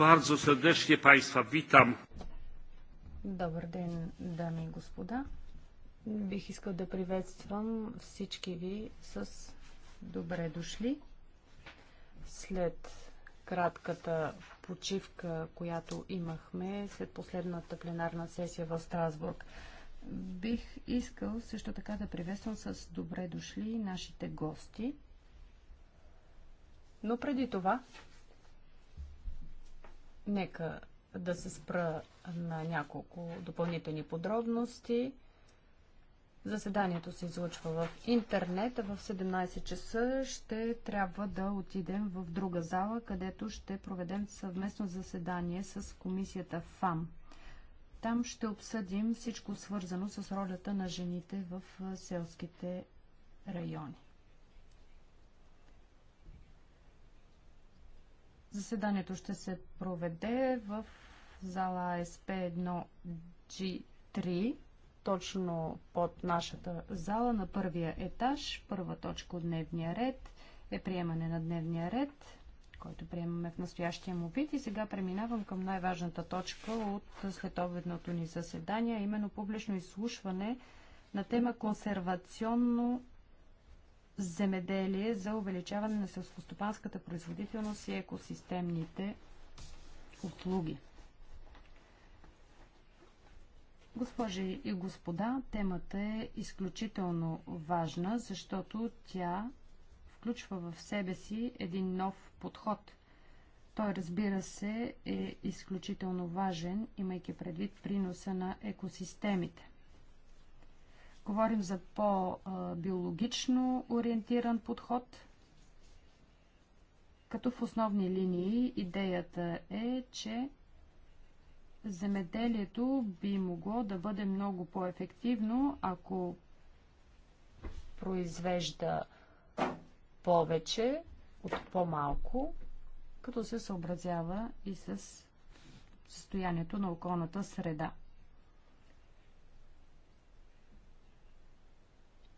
Bardzo serdecznie Państwa witam. Добър ден, дами и господа. Бих искал да приветствам всички ви с добре дошли. След кратката почивка, която имахме след последната пленарна сесия в Страсбург. Бих искал също така да приветствам с добре дошли нашите гости. Но преди това Нека да се спра на няколко допълнителни подробности. Заседанието се излъчва в интернет, а в 17 часа ще трябва да отидем в друга зала, където ще проведем съвместно заседание с комисията ФАМ. Там ще обсъдим всичко свързано с ролята на жените в селските райони. Заседанието ще се проведе в зала SP1G3, точно под нашата зала на първия етаж. Първа точка от дневния ред е приемане на дневния ред, който приемаме в настоящия му вид. И сега преминавам към най-важната точка от следобедното ни заседание, именно публично изслушване на тема консервационно земеделие за увеличаване на селскостопанската производителност и екосистемните услуги. Госпожи и господа, темата е изключително важна, защото тя включва в себе си един нов подход. Той, разбира се, е изключително важен, имайки предвид приноса на екосистемите. Говорим за по-биологично ориентиран подход, като в основни линии идеята е, че земеделието би могло да бъде много по-ефективно, ако произвежда повече от по-малко, като се съобразява и с състоянието на околната среда.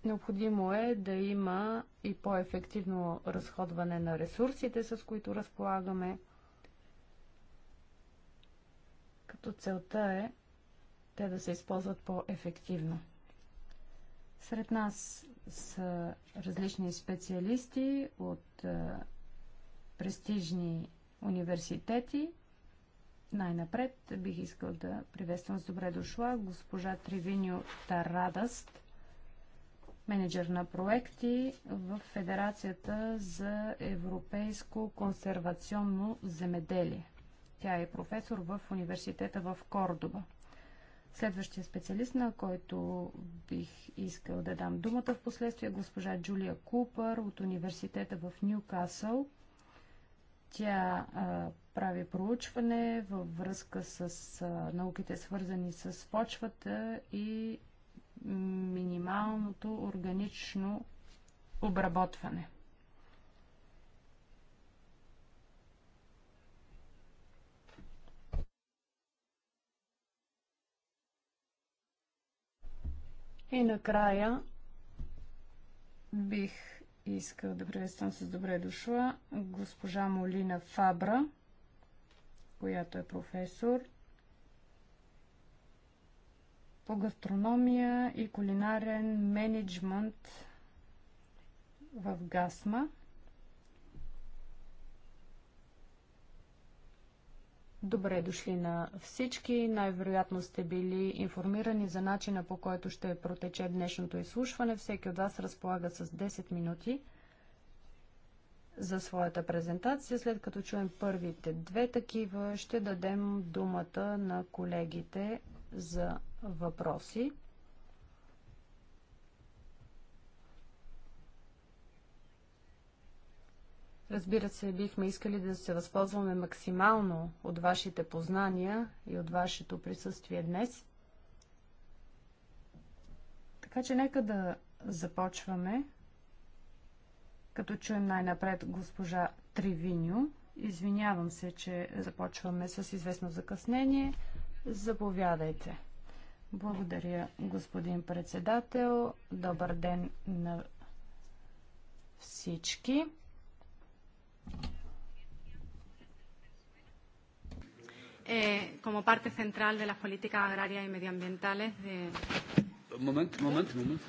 Необходимо е да има и по-ефективно разходване на ресурсите, с които разполагаме, като целта е те да се използват по-ефективно. Сред нас са различни специалисти от е, престижни университети. Най-напред бих искал да приветствам с добре дошла госпожа Тревиньо Тарадаст менеджер на проекти в Федерацията за европейско консервационно земеделие. Тя е професор в университета в Кордоба. Следващия специалист, на който бих искал да дам думата в последствие, е госпожа Джулия Купър от университета в Ньюкасъл. Тя а, прави проучване във връзка с а, науките, свързани с почвата и минималното органично обработване. И накрая бих искал да приветствам с добре дошла госпожа Молина Фабра, която е професор по гастрономия и кулинарен менеджмент в Гасма. Добре дошли на всички. Най-вероятно сте били информирани за начина по който ще протече днешното изслушване. Всеки от вас разполага с 10 минути за своята презентация. След като чуем първите две такива, ще дадем думата на колегите за въпроси. Разбира се, бихме искали да се възползваме максимално от вашите познания и от вашето присъствие днес. Така че нека да започваме, като чуем най-напред госпожа Тривиню. Извинявам се, че започваме с известно закъснение. Заповядайте. Благодаря, господин председател. Добър ден на всички. Eh, como parte central de las políticas agrarias y medioambientales de... Moment, moment, moment.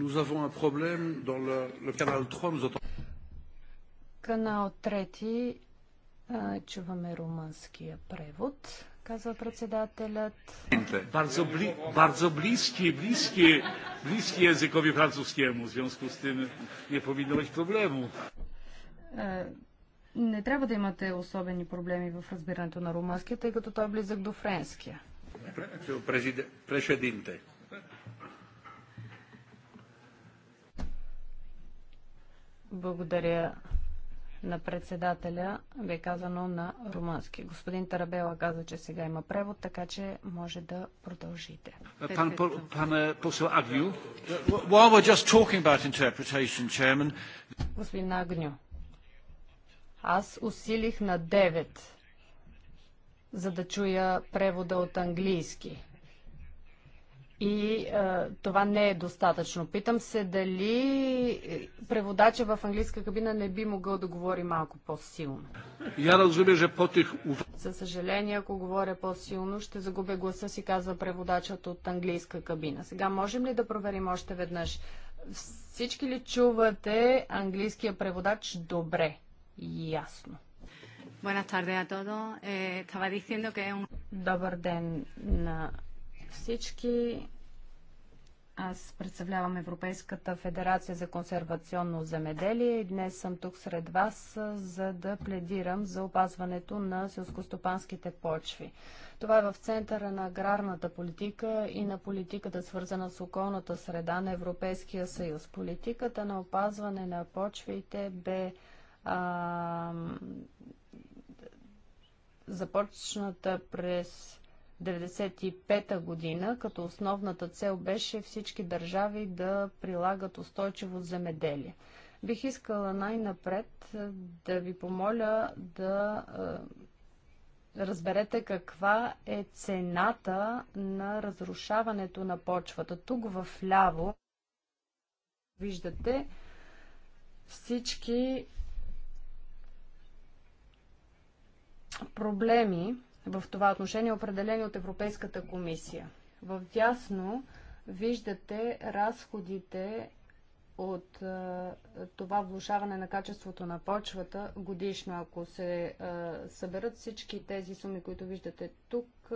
Nous avons un problème dans le, le canal 3. Nous attendons... Канал 3. Чуваме румънския превод казва председателят. Bardzo, bli, bardzo bliskie, bliskie, bliskie językowi francuskiemu, w związku z tym nie powinno być problemu. Е, не трябва да имате особени проблеми в разбирането на румънския, тъй като той е близък до френския. Președинте. Благодаря, на председателя бе казано на румънски. Господин Тарабела каза, че сега има превод, така че може да продължите. Uh, пан, uh, Агню. Uh, while we're just talking about interpretation, chairman... Господин Агню, аз усилих на 9, за да чуя превода от английски и а, това не е достатъчно. Питам се дали е, преводача в английска кабина не би могъл да говори малко по-силно. Я разумя, че потих. За съжаление, ако говоря по-силно, ще загубя гласа си, казва преводачът от английска кабина. Сега можем ли да проверим още веднъж? Всички ли чувате английския преводач добре? Ясно. Eh, Добър ден на всички. Аз представлявам Европейската федерация за консервационно земеделие и днес съм тук сред вас, за да пледирам за опазването на селскостопанските почви. Това е в центъра на аграрната политика и на политиката свързана с околната среда на Европейския съюз. Политиката на опазване на почвите бе а, започната през 1995 година, като основната цел беше всички държави да прилагат устойчиво земеделие. Бих искала най-напред е, да ви помоля да е, разберете каква е цената на разрушаването на почвата. Тук в ляво виждате всички проблеми, в това отношение, определени от Европейската комисия. В дясно виждате разходите от а, това влушаване на качеството на почвата годишно. Ако се а, съберат всички тези суми, които виждате тук,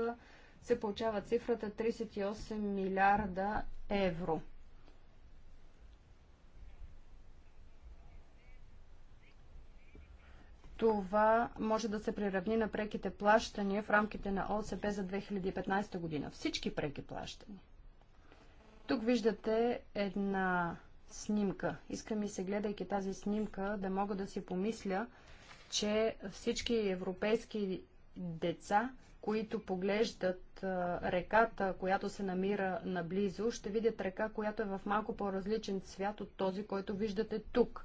се получава цифрата 38 милиарда евро. това може да се приравни на преките плащания в рамките на ОСП за 2015 година. Всички преки плащания. Тук виждате една снимка. Иска ми се, гледайки тази снимка, да мога да си помисля, че всички европейски деца, които поглеждат реката, която се намира наблизо, ще видят река, която е в малко по-различен цвят от този, който виждате тук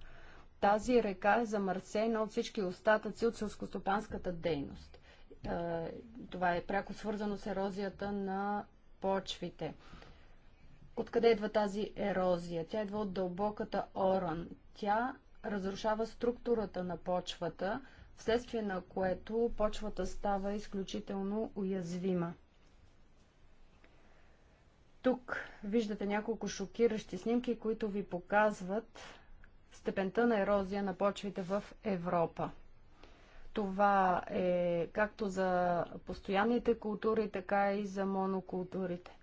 тази река е замърсена от всички остатъци от селскостопанската дейност. Е, това е пряко свързано с ерозията на почвите. Откъде идва тази ерозия? Тя идва от дълбоката оран. Тя разрушава структурата на почвата, вследствие на което почвата става изключително уязвима. Тук виждате няколко шокиращи снимки, които ви показват степента на ерозия на почвите в Европа. Това е както за постоянните култури, така и за монокултурите.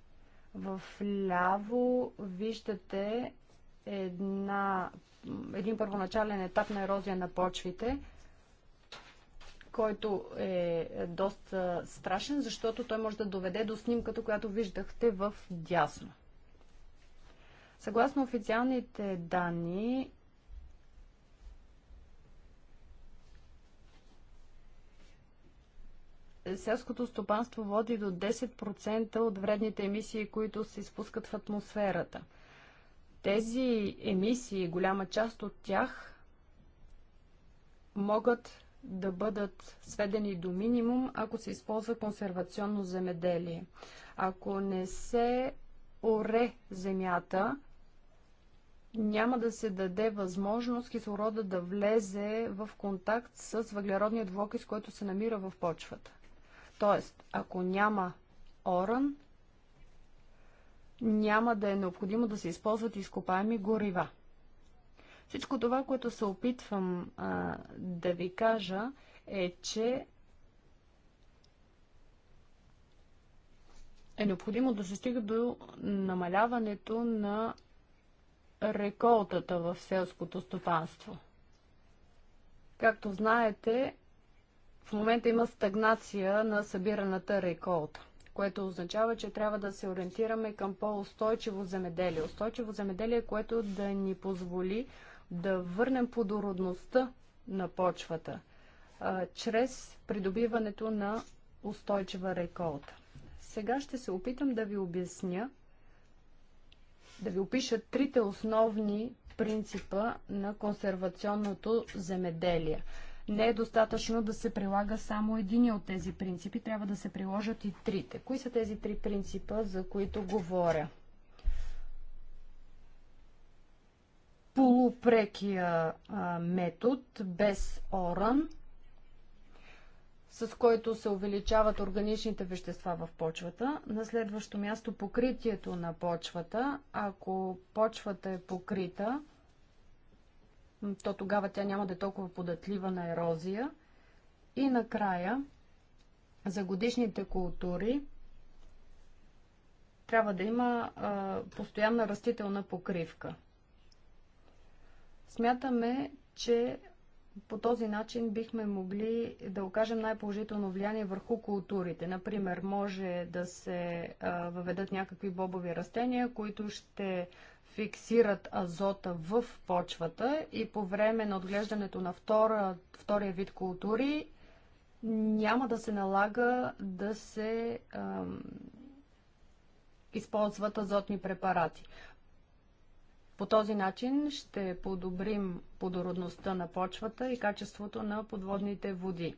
В ляво виждате една, един първоначален етап на ерозия на почвите, който е доста страшен, защото той може да доведе до снимката, която виждахте в дясно. Съгласно официалните данни, селското стопанство води до 10% от вредните емисии, които се изпускат в атмосферата. Тези емисии, голяма част от тях, могат да бъдат сведени до минимум, ако се използва консервационно земеделие. Ако не се оре земята, няма да се даде възможност кислорода да влезе в контакт с въглеродният двуокис, който се намира в почвата. Тоест, ако няма оран, няма да е необходимо да се използват изкопаеми горива. Всичко това, което се опитвам а, да ви кажа, е, че е необходимо да се стига до намаляването на реколтата в селското стопанство. Както знаете, в момента има стагнация на събираната реколта, което означава, че трябва да се ориентираме към по-устойчиво земеделие. Устойчиво земеделие, което да ни позволи да върнем плодородността на почвата а, чрез придобиването на устойчива реколта. Сега ще се опитам да ви обясня, да ви опиша трите основни принципа на консервационното земеделие – не е достатъчно да се прилага само един от тези принципи, трябва да се приложат и трите. Кои са тези три принципа, за които говоря? Полупрекия а, метод без оран, с който се увеличават органичните вещества в почвата. На следващо място покритието на почвата. Ако почвата е покрита, то тогава тя няма да е толкова податлива на ерозия. И накрая, за годишните култури трябва да има а, постоянна растителна покривка. Смятаме, че по този начин бихме могли да окажем най-положително влияние върху културите. Например, може да се а, въведат някакви бобови растения, които ще фиксират азота в почвата и по време на отглеждането на втора, втория вид култури няма да се налага да се ам, използват азотни препарати. По този начин ще подобрим плодородността на почвата и качеството на подводните води.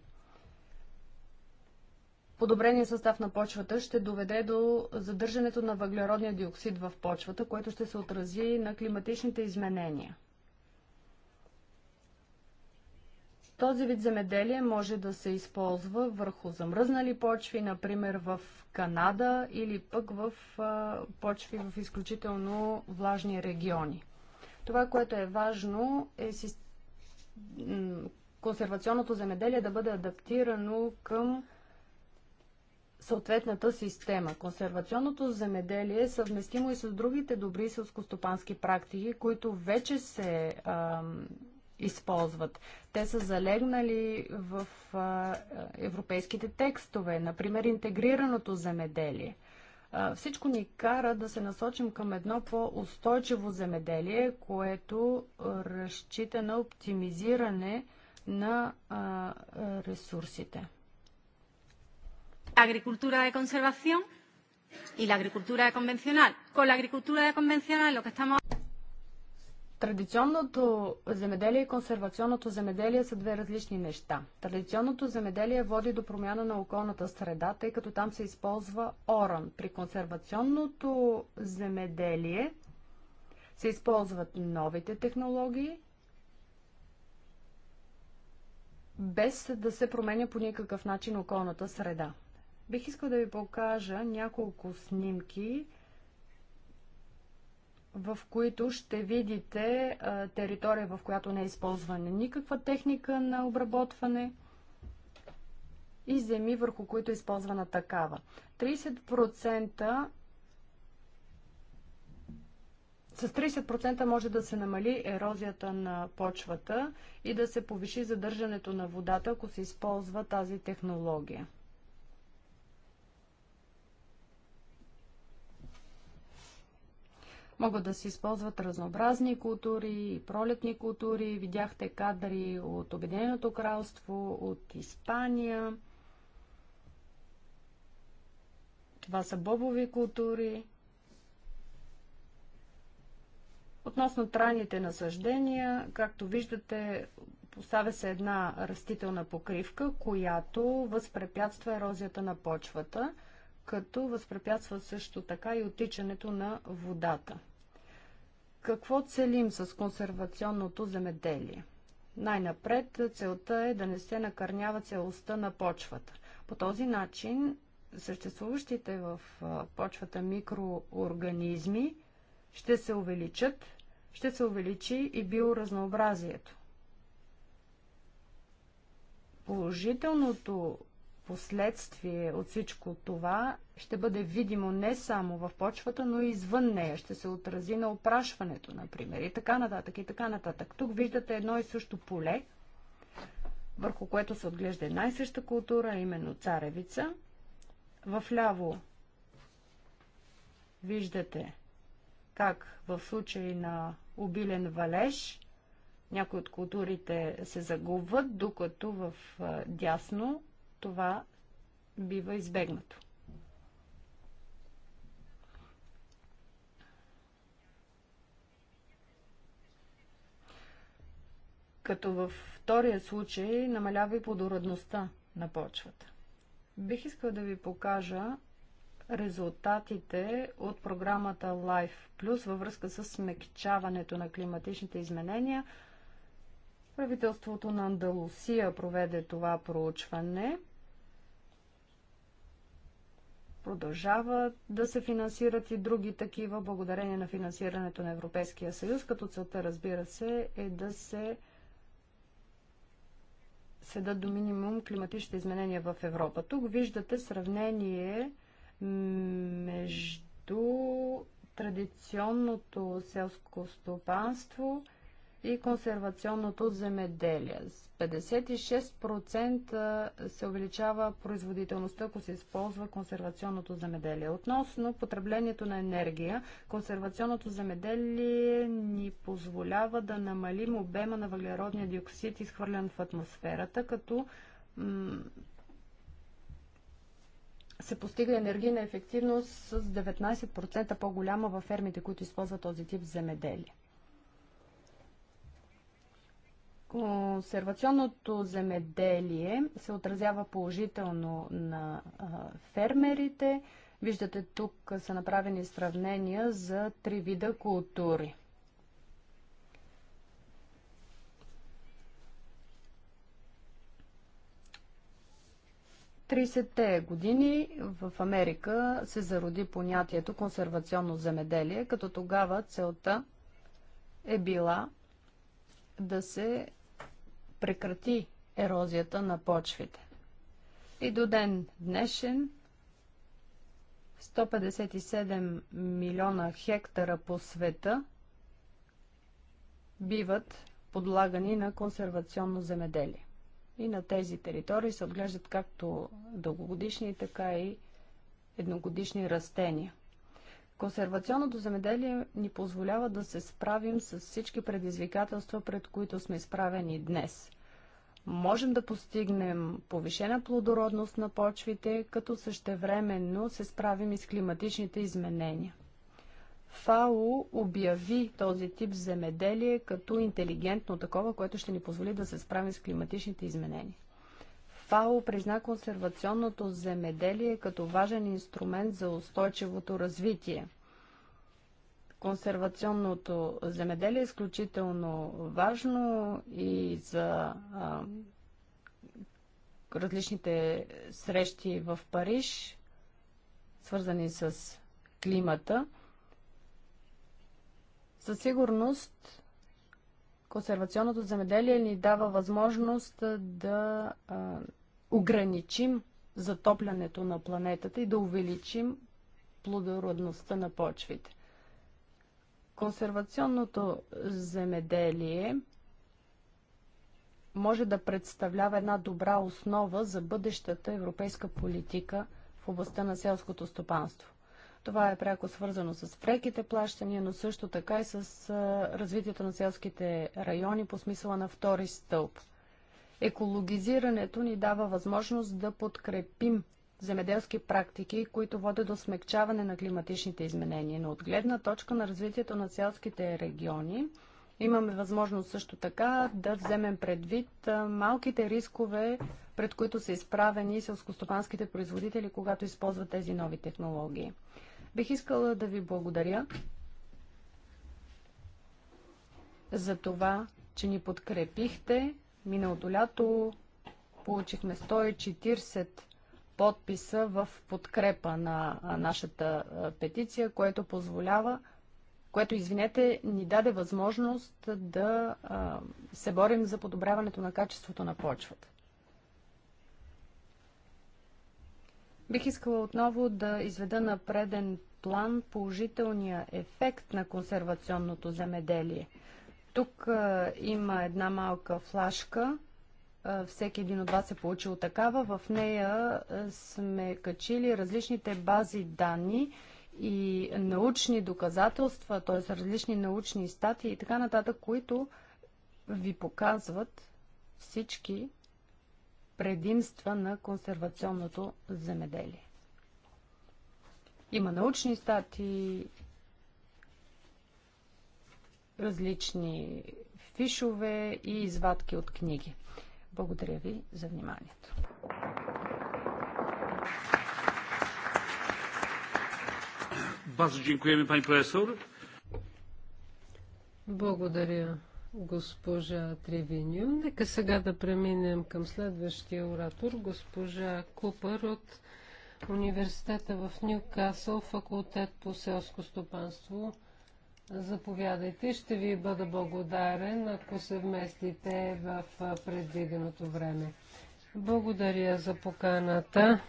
Подобрения състав на почвата ще доведе до задържането на въглеродния диоксид в почвата, което ще се отрази на климатичните изменения. Този вид земеделие може да се използва върху замръзнали почви, например в Канада или пък в почви в изключително влажни региони. Това, което е важно, е консервационното земеделие да бъде адаптирано към съответната система. Консервационното земеделие е съвместимо и с другите добри селскостопански практики, които вече се а, използват. Те са залегнали в а, европейските текстове, например интегрираното земеделие. А, всичко ни кара да се насочим към едно по-устойчиво земеделие, което разчита на оптимизиране на а, ресурсите agricultura de conservación y la agricultura convencional. Con la agricultura convencional lo que estamos... Традиционното земеделие и консервационното земеделие са две различни неща. Традиционното земеделие води до промяна на околната среда, тъй като там се използва оран. При консервационното земеделие се използват новите технологии, без да се променя по никакъв начин околната среда. Бих искал да ви покажа няколко снимки, в които ще видите територия, в която не е използвана никаква техника на обработване и земи, върху които е използвана такава. 30% с 30% може да се намали ерозията на почвата и да се повиши задържането на водата, ако се използва тази технология. Могат да се използват разнообразни култури и пролетни култури. Видяхте кадри от Обединеното кралство, от Испания. Това са бобови култури. Относно трайните насъждения, както виждате, поставя се една растителна покривка, която възпрепятства ерозията на почвата – като възпрепятства също така и отичането на водата. Какво целим с консервационното земеделие? Най-напред целта е да не се накърнява целостта на почвата. По този начин съществуващите в почвата микроорганизми ще се увеличат, ще се увеличи и биоразнообразието. Положителното последствие от всичко това ще бъде видимо не само в почвата, но и извън нея. Ще се отрази на опрашването, например, и така нататък, и така нататък. Тук виждате едно и също поле, върху което се отглежда една и съща култура, именно царевица. В ляво виждате как в случай на обилен валеж някои от културите се загубват, докато в дясно това бива избегнато. Като във втория случай намалява и плодородността на почвата. Бих искал да ви покажа резултатите от програмата Life Plus във връзка с смекчаването на климатичните изменения. Правителството на Андалусия проведе това проучване – Продължават да се финансират и други такива, благодарение на финансирането на Европейския съюз, като целта, разбира се, е да се седат до минимум климатичните изменения в Европа. Тук виждате сравнение между традиционното селско стопанство и консервационното земеделие. С 56% се увеличава производителността, ако се използва консервационното земеделие. Относно потреблението на енергия, консервационното земеделие ни позволява да намалим обема на въглеродния диоксид, изхвърлен в атмосферата, като се постига енергийна ефективност с 19% по-голяма във фермите, които използват този тип земеделие. Консервационното земеделие се отразява положително на фермерите. Виждате, тук са направени сравнения за три вида култури. 30-те години в Америка се зароди понятието консервационно земеделие, като тогава целта е била да се прекрати ерозията на почвите. И до ден днешен 157 милиона хектара по света биват подлагани на консервационно земеделие. И на тези територии се отглеждат както дългогодишни, така и едногодишни растения – Консервационното земеделие ни позволява да се справим с всички предизвикателства, пред които сме изправени днес. Можем да постигнем повишена плодородност на почвите, като същевременно се справим и с климатичните изменения. ФАО обяви този тип земеделие като интелигентно такова, което ще ни позволи да се справим с климатичните изменения. ФАО призна консервационното земеделие като важен инструмент за устойчивото развитие. Консервационното земеделие е изключително важно и за а, различните срещи в Париж, свързани с климата. Със сигурност Консервационното замеделие ни дава възможност да а, ограничим затоплянето на планетата и да увеличим плодородността на почвите. Консервационното земеделие може да представлява една добра основа за бъдещата европейска политика в областта на селското стопанство. Това е пряко свързано с преките плащания, но също така и с развитието на селските райони по смисъла на втори стълб. Екологизирането ни дава възможност да подкрепим земеделски практики, които водят до смягчаване на климатичните изменения. Но от гледна точка на развитието на селските региони, имаме възможност също така да вземем предвид малките рискове, пред които са изправени селскостопанските производители, когато използват тези нови технологии. Бих искала да ви благодаря за това, че ни подкрепихте. Миналото лято получихме 140 подписа в подкрепа на нашата петиция, което позволява, което, извинете, ни даде възможност да се борим за подобряването на качеството на почвата. Бих искала отново да изведа на преден план положителния ефект на консервационното земеделие. Тук а, има една малка флашка. А, всеки един от вас е получил такава. В нея а, сме качили различните бази данни и научни доказателства, т.е. различни научни статии и така нататък, които ви показват всички предимства на консервационното земеделие. Има научни статии, различни фишове и извадки от книги. Благодаря ви за вниманието. Bardzo dziękujemy, pani profesor. Благодаря, госпожа Тревиньон. Нека сега да преминем към следващия оратор, госпожа Купър от университета в Нюкасъл, факултет по селско стопанство. Заповядайте, ще ви бъда благодарен, ако се вместите в предвиденото време. Благодаря за поканата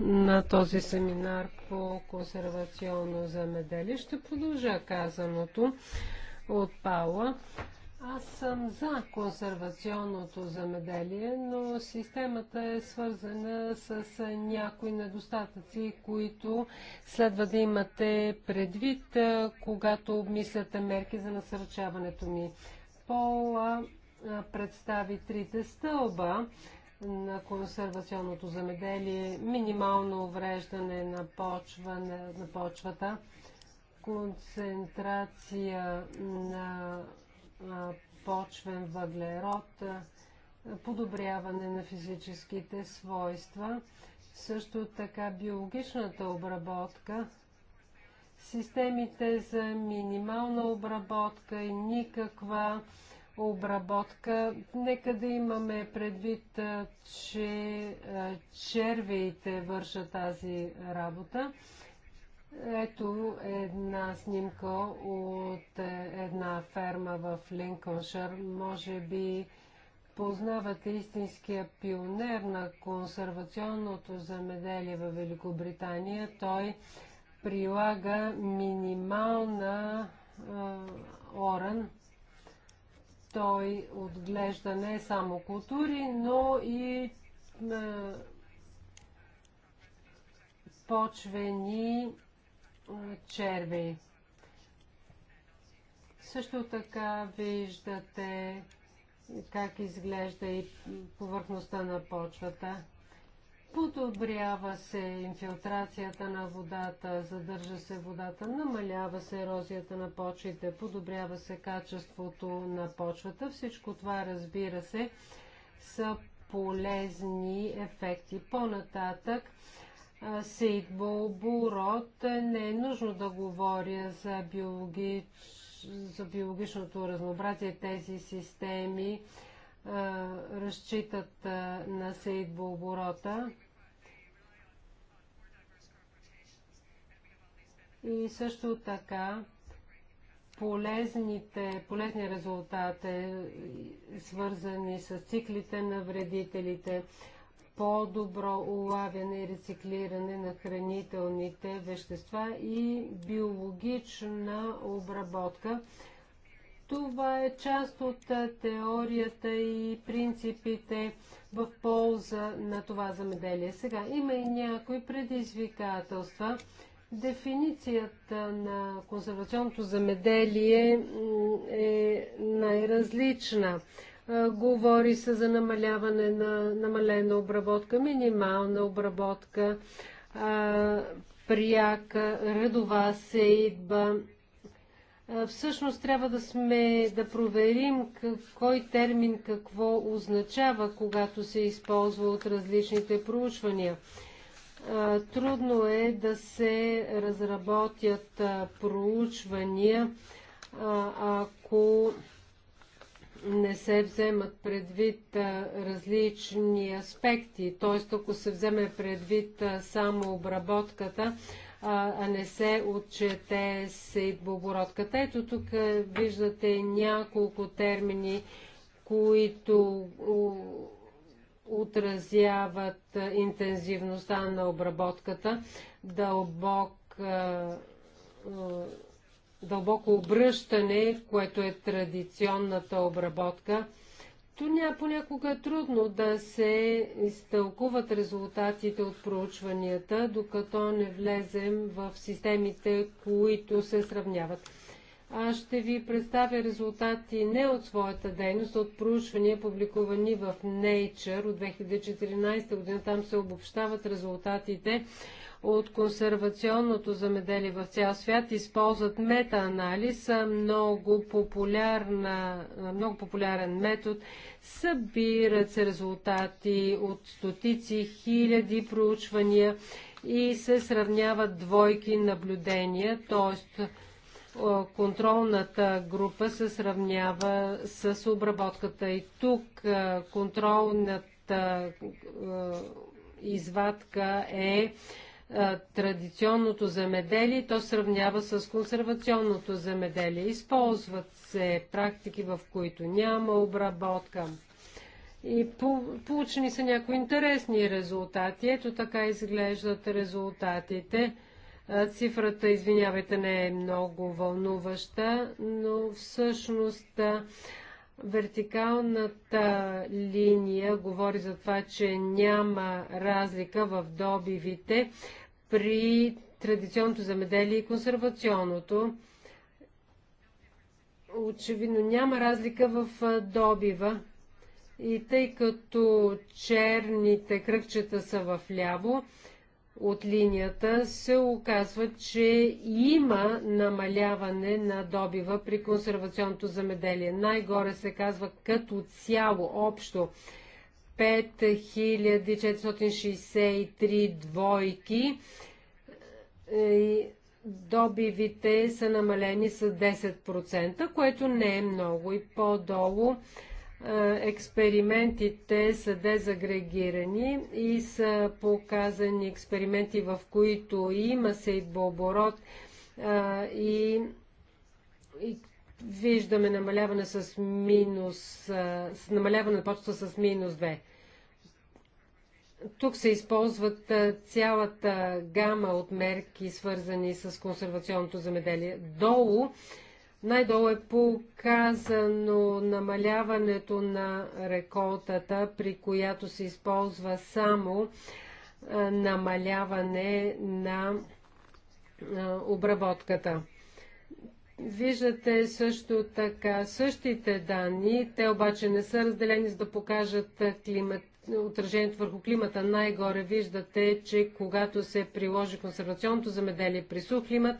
на този семинар по консервационно земеделие. Ще продължа казаното от Паула. Аз съм за консервационното замеделие, но системата е свързана с някои недостатъци, които следва да имате предвид, когато обмисляте мерки за насърчаването ми. Пола представи трите стълба на консервационното замеделие, минимално увреждане на, почва, на почвата, концентрация на почвен въглерод, подобряване на физическите свойства, също така биологичната обработка, системите за минимална обработка и никаква обработка. Нека да имаме предвид, че червеите вършат тази работа. Ето една снимка от една ферма в Линкълшър. Може би познавате истинския пионер на консервационното замеделие в Великобритания. Той прилага минимална а, оран. Той отглежда не само култури, но и а, почвени черви. Също така виждате как изглежда и повърхността на почвата. Подобрява се инфилтрацията на водата, задържа се водата, намалява се ерозията на почвите, подобрява се качеството на почвата. Всичко това, разбира се, са полезни ефекти. По-нататък Сейд Болбурот. Не е нужно да говоря за, биологич... за биологичното разнообразие. Тези системи а, разчитат а, на Сейд оборота. И също така полезните, полезни резултати, свързани с циклите на вредителите, по-добро улавяне и рециклиране на хранителните вещества и биологична обработка. Това е част от теорията и принципите в полза на това замеделие. Сега има и някои предизвикателства. Дефиницията на консервационното замеделие е най-различна. Говори се за намаляване на намалена обработка, минимална обработка, пряка, редова сейдба. Всъщност трябва да сме да проверим кой термин какво означава, когато се използва от различните проучвания. Трудно е да се разработят проучвания, ако не се вземат предвид различни аспекти, т.е. ако се вземе предвид само обработката, а не се отчете благородката. Ето тук виждате няколко термини, които отразяват интензивността на обработката, дълбок дълбоко обръщане, в което е традиционната обработка. няма понякога е трудно да се изтълкуват резултатите от проучванията, докато не влезем в системите, които се сравняват. Аз ще ви представя резултати не от своята дейност, а от проучвания, публикувани в Nature от 2014 година. Там се обобщават резултатите от консервационното замеделие в цял свят използват метаанализ, много, популярна, много популярен метод. Събират се резултати от стотици хиляди проучвания и се сравняват двойки наблюдения, т.е. контролната група се сравнява с обработката. И тук е, контролната е, извадка е традиционното земеделие, то сравнява с консервационното замеделие. Използват се практики, в които няма обработка. И получени са някои интересни резултати. Ето така изглеждат резултатите. Цифрата, извинявайте, не е много вълнуваща, но всъщност вертикалната линия говори за това, че няма разлика в добивите при традиционното замеделие и консервационното. Очевидно няма разлика в добива. И тъй като черните кръгчета са в ляво от линията, се оказва, че има намаляване на добива при консервационното замеделие. Най-горе се казва като цяло общо 5463 двойки. Е, добивите са намалени с 10%, което не е много. И по-долу е, експериментите са дезагрегирани и са показани експерименти, в които има сейдбооборот е, и, и виждаме намаляване с минус, с намаляване на почта с минус 2. Тук се използват цялата гама от мерки, свързани с консервационното замеделие. Долу, най-долу е показано намаляването на реколтата, при която се използва само намаляване на обработката. Виждате също така същите данни, те обаче не са разделени за да покажат климат, отражението върху климата. Най-горе виждате, че когато се приложи консервационното замеделие при сух климат,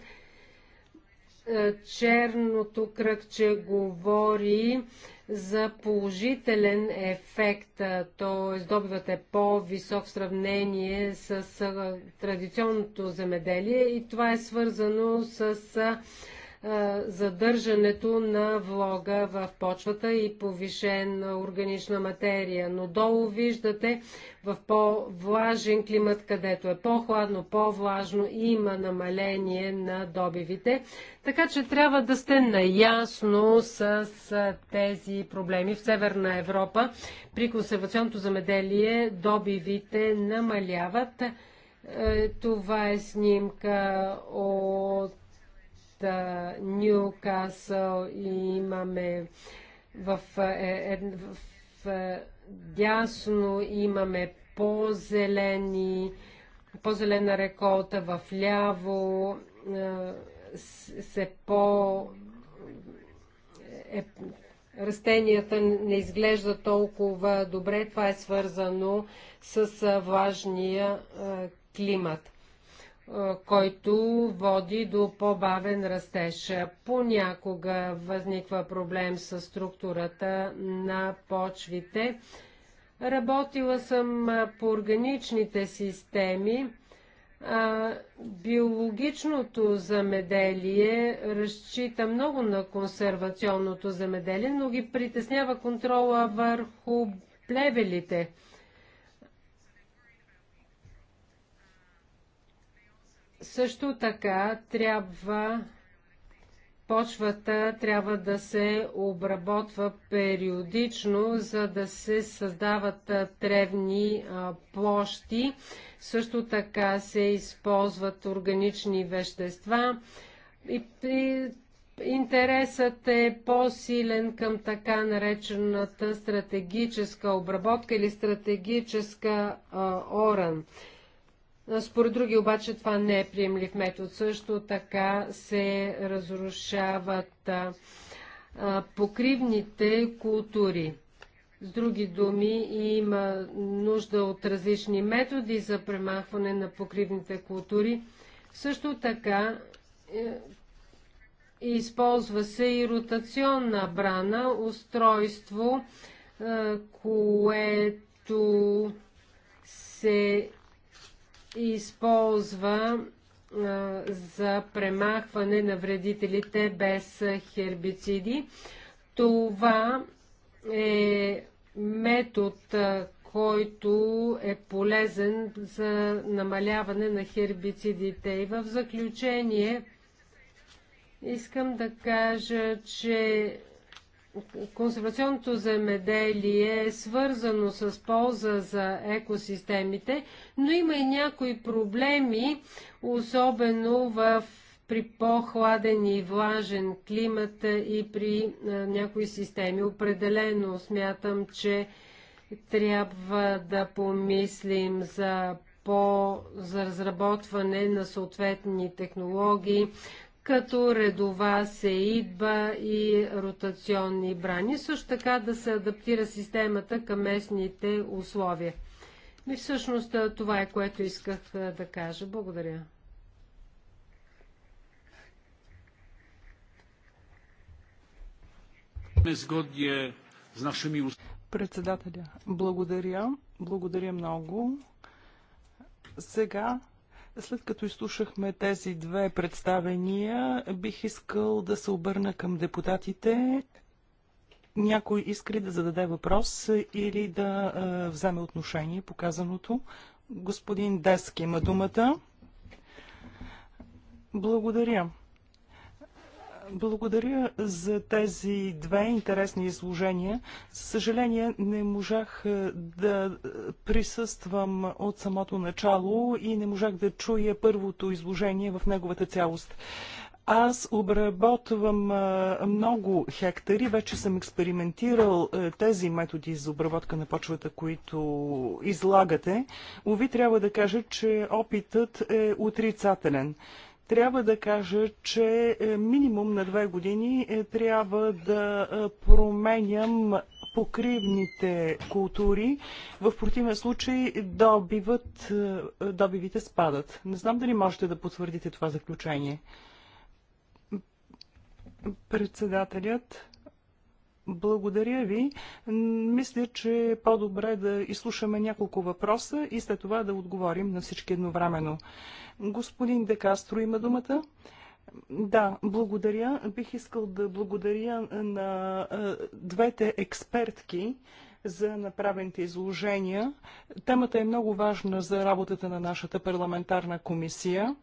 е, черното кръгче говори за положителен ефект, е, т.е. добивът е по-висок в сравнение с е, традиционното земеделие и това е свързано с задържането на влога в почвата и повишен органична материя. Но долу виждате в по-влажен климат, където е по-хладно, по-влажно, има намаление на добивите. Така че трябва да сте наясно с тези проблеми. В Северна Европа при консервационното замеделие добивите намаляват. Е, това е снимка от Нюкасъл и имаме в, е, е, в е, дясно имаме по-зелени, по-зелена реколта, в ляво се по... Е, растенията не изглежда толкова добре. Това е свързано с важния климат който води до по-бавен растеж. Понякога възниква проблем с структурата на почвите. Работила съм по органичните системи. биологичното замеделие разчита много на консервационното замеделие, но ги притеснява контрола върху плевелите. Също така трябва почвата трябва да се обработва периодично, за да се създават тревни площи. Също така се използват органични вещества. И, и, интересът е по-силен към така наречената стратегическа обработка или стратегическа а, оран. Според други обаче това не е приемлив метод. Също така се разрушават а, покривните култури. С други думи, има нужда от различни методи за премахване на покривните култури. Също така е, използва се и ротационна брана, устройство, е, което се използва за премахване на вредителите без хербициди. Това е метод, който е полезен за намаляване на хербицидите. И в заключение искам да кажа, че консервационното земеделие е свързано с полза за екосистемите, но има и някои проблеми, особено в при по-хладен и влажен климат и при а, е, някои системи. Определено смятам, че трябва да помислим за по за разработване на съответни технологии, като редова сеидба и ротационни брани. Също така да се адаптира системата към местните условия. И всъщност това е което исках да кажа. Благодаря. Председателя, благодаря. Благодаря много. Сега след като изслушахме тези две представения, бих искал да се обърна към депутатите. Някой иска ли да зададе въпрос или да а, вземе отношение по казаното? Господин Дески има думата. Благодаря. Благодаря за тези две интересни изложения. За съжаление, не можах е, да присъствам от самото начало и не можах да чуя първото изложение в неговата цялост. Аз обработвам е, много хектари, вече съм експериментирал е, тези методи за обработка на почвата, които излагате. Ови трябва да кажа, че опитът е отрицателен трябва да кажа, че е, минимум на две години е, трябва да е, променям покривните култури. В противен случай добиват, добивите спадат. Не знам дали можете да потвърдите това заключение. Председателят благодаря ви. Мисля, че е по-добре да изслушаме няколко въпроса и след това да отговорим на всички едновременно. Господин Декастро има думата. Да, благодаря. Бих искал да благодаря на двете експертки за направените изложения. Темата е много важна за работата на нашата парламентарна комисия.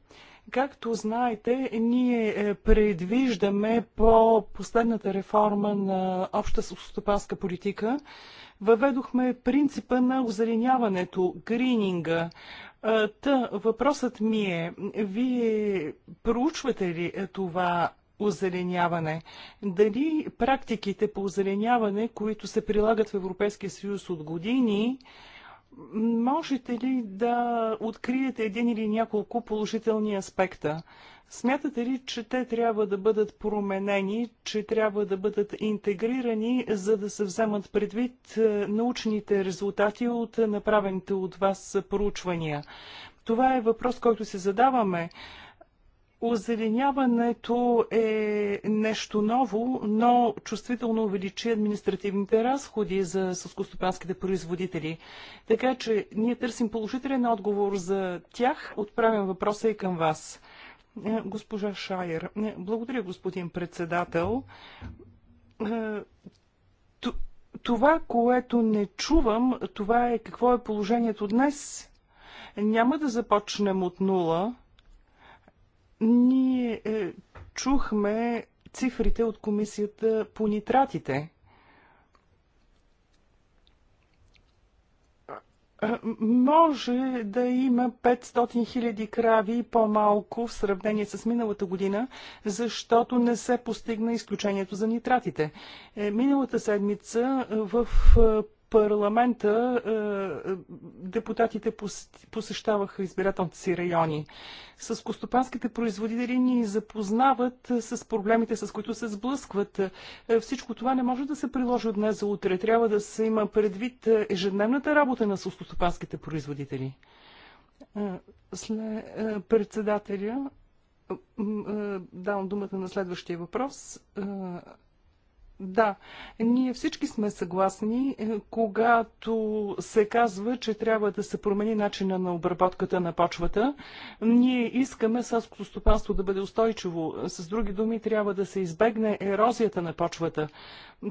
Както знаете, ние е, предвиждаме по последната реформа на обща стопанска политика, въведохме принципа на озеленяването, грининга. Е, та, въпросът ми е, вие проучвате ли е, това озеленяване. Дали практиките по озеленяване, които се прилагат в Европейския съюз от години, Можете ли да откриете един или няколко положителни аспекта? Смятате ли, че те трябва да бъдат променени, че трябва да бъдат интегрирани, за да се вземат предвид е, научните резултати от направените от вас проучвания? Това е въпрос, който се задаваме. Озеленяването е нещо ново, но чувствително увеличи административните разходи за съскостопанските производители. Така че ние търсим положителен отговор за тях. Отправям въпроса и към вас. Е, госпожа Шайер, е, благодаря господин председател. Е, това, което не чувам, това е какво е положението днес. Няма да започнем от нула. Ние е, чухме цифрите от комисията по нитратите. Може да има 500 000 крави по-малко в сравнение с миналата година, защото не се постигна изключението за нитратите. Е, миналата седмица в е, парламента е, депутатите посещаваха избирателните си райони. С костопанските производители ни запознават е, с проблемите, с които се сблъскват. Е, всичко това не може да се приложи от днес за утре. Трябва да се има предвид е, ежедневната работа на сустопанските производители. След председателя давам думата на следващия въпрос. Да, ние всички сме съгласни, е, когато се казва, че трябва да се промени начина на обработката на почвата. Ние искаме селското стопанство да бъде устойчиво. С други думи, трябва да се избегне ерозията на почвата.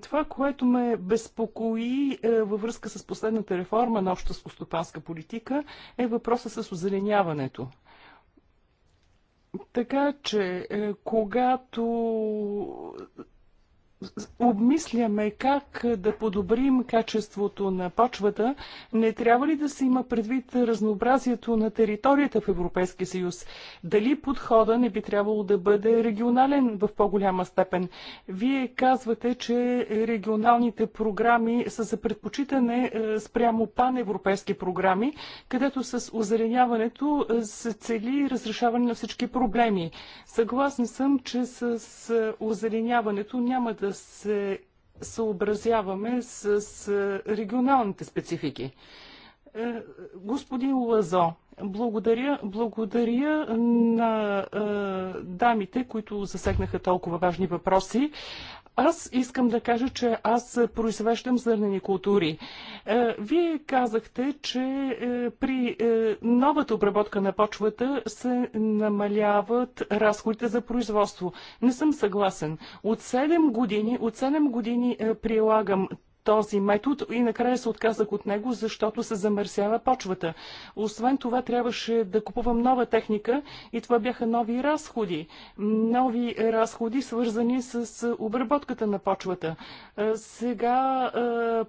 Това, което ме безпокои е, във връзка с последната реформа на обща стопанска политика, е въпроса с озеленяването. Така че, е, когато обмисляме как да подобрим качеството на почвата, не трябва ли да се има предвид разнообразието на територията в Европейския съюз? Дали подхода не би трябвало да бъде регионален в по-голяма степен? Вие казвате, че регионалните програми са за предпочитане е, спрямо паневропейски програми, където с озеленяването е, се цели разрешаване на всички проблеми. Съгласен съм, че с е, озеленяването няма да да се съобразяваме с, регионалните специфики. Е, господин Лазо, благодаря, благодаря на дамите, които засегнаха толкова важни въпроси. Аз искам да кажа, че аз произвеждам зърнени култури. Е, вие казахте, че е, при е, новата обработка на почвата се намаляват разходите за производство. Не съм съгласен. От 7 години, от 7 години прилагам този метод и накрая се отказах от него, защото се замърсява почвата. Освен това, трябваше да купувам нова техника и това бяха нови разходи. Нови разходи, свързани с обработката на почвата. Сега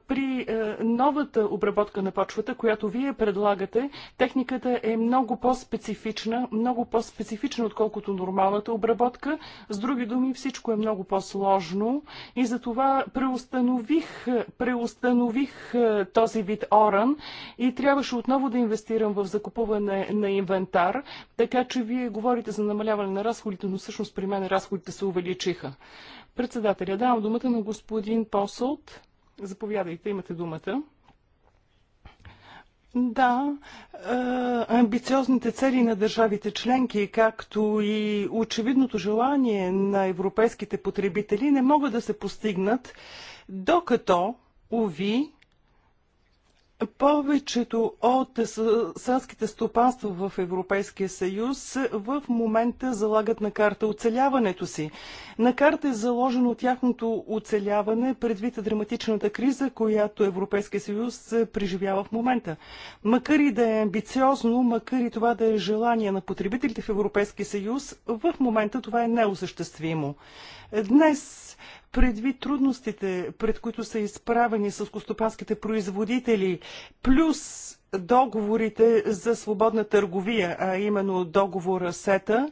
при новата обработка на почвата, която вие предлагате, техниката е много по-специфична, много по-специфична, отколкото нормалната обработка. С други думи, всичко е много по-сложно и затова преустанових преустанових е, този вид оран и трябваше отново да инвестирам в закупуване на инвентар, така че вие говорите за намаляване на разходите, но всъщност при мен разходите се увеличиха. Председателя, давам думата на господин Посолт. Заповядайте, имате думата. Да, е, амбициозните цели на държавите членки, както и очевидното желание на европейските потребители не могат да се постигнат докато, уви, повечето от селските стопанства в Европейския съюз в момента залагат на карта оцеляването си. На карта е заложено тяхното оцеляване предвид драматичната криза, която Европейския съюз преживява в момента. Макар и да е амбициозно, макар и това да е желание на потребителите в Европейския съюз, в момента това е неосъществимо. Днес предвид трудностите, пред които са изправени с костопанските производители, плюс договорите за свободна търговия, а именно договора СЕТА.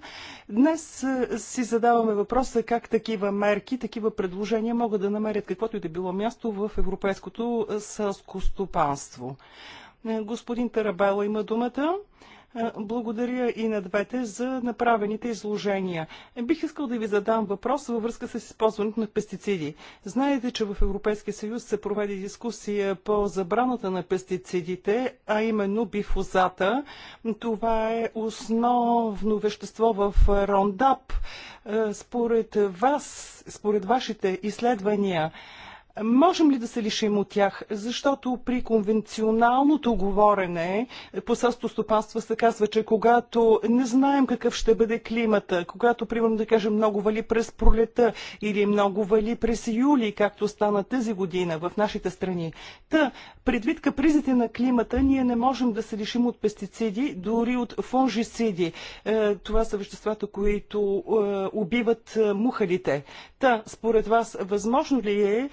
Днес си задаваме въпроса как такива мерки, такива предложения могат да намерят каквото и да било място в европейското селско Господин Тарабела има думата. Благодаря и на двете за направените изложения. Бих искал да ви задам въпрос във връзка с използването на пестициди. Знаете, че в Европейския съюз се проведе дискусия по забраната на пестицидите, а именно бифозата. Това е основно вещество в Рондап. Е, според вас, според вашите изследвания, Можем ли да се лишим от тях? Защото при конвенционалното говорене по стопанства се казва, че когато не знаем какъв ще бъде климата, когато, примерно да кажем, много вали през пролета или много вали през юли, както стана тази година в нашите страни. Та, предвид капризите на климата, ние не можем да се лишим от пестициди, дори от фунжициди. Е, това са веществата, които е, убиват е, мухалите. Та, според вас, възможно ли е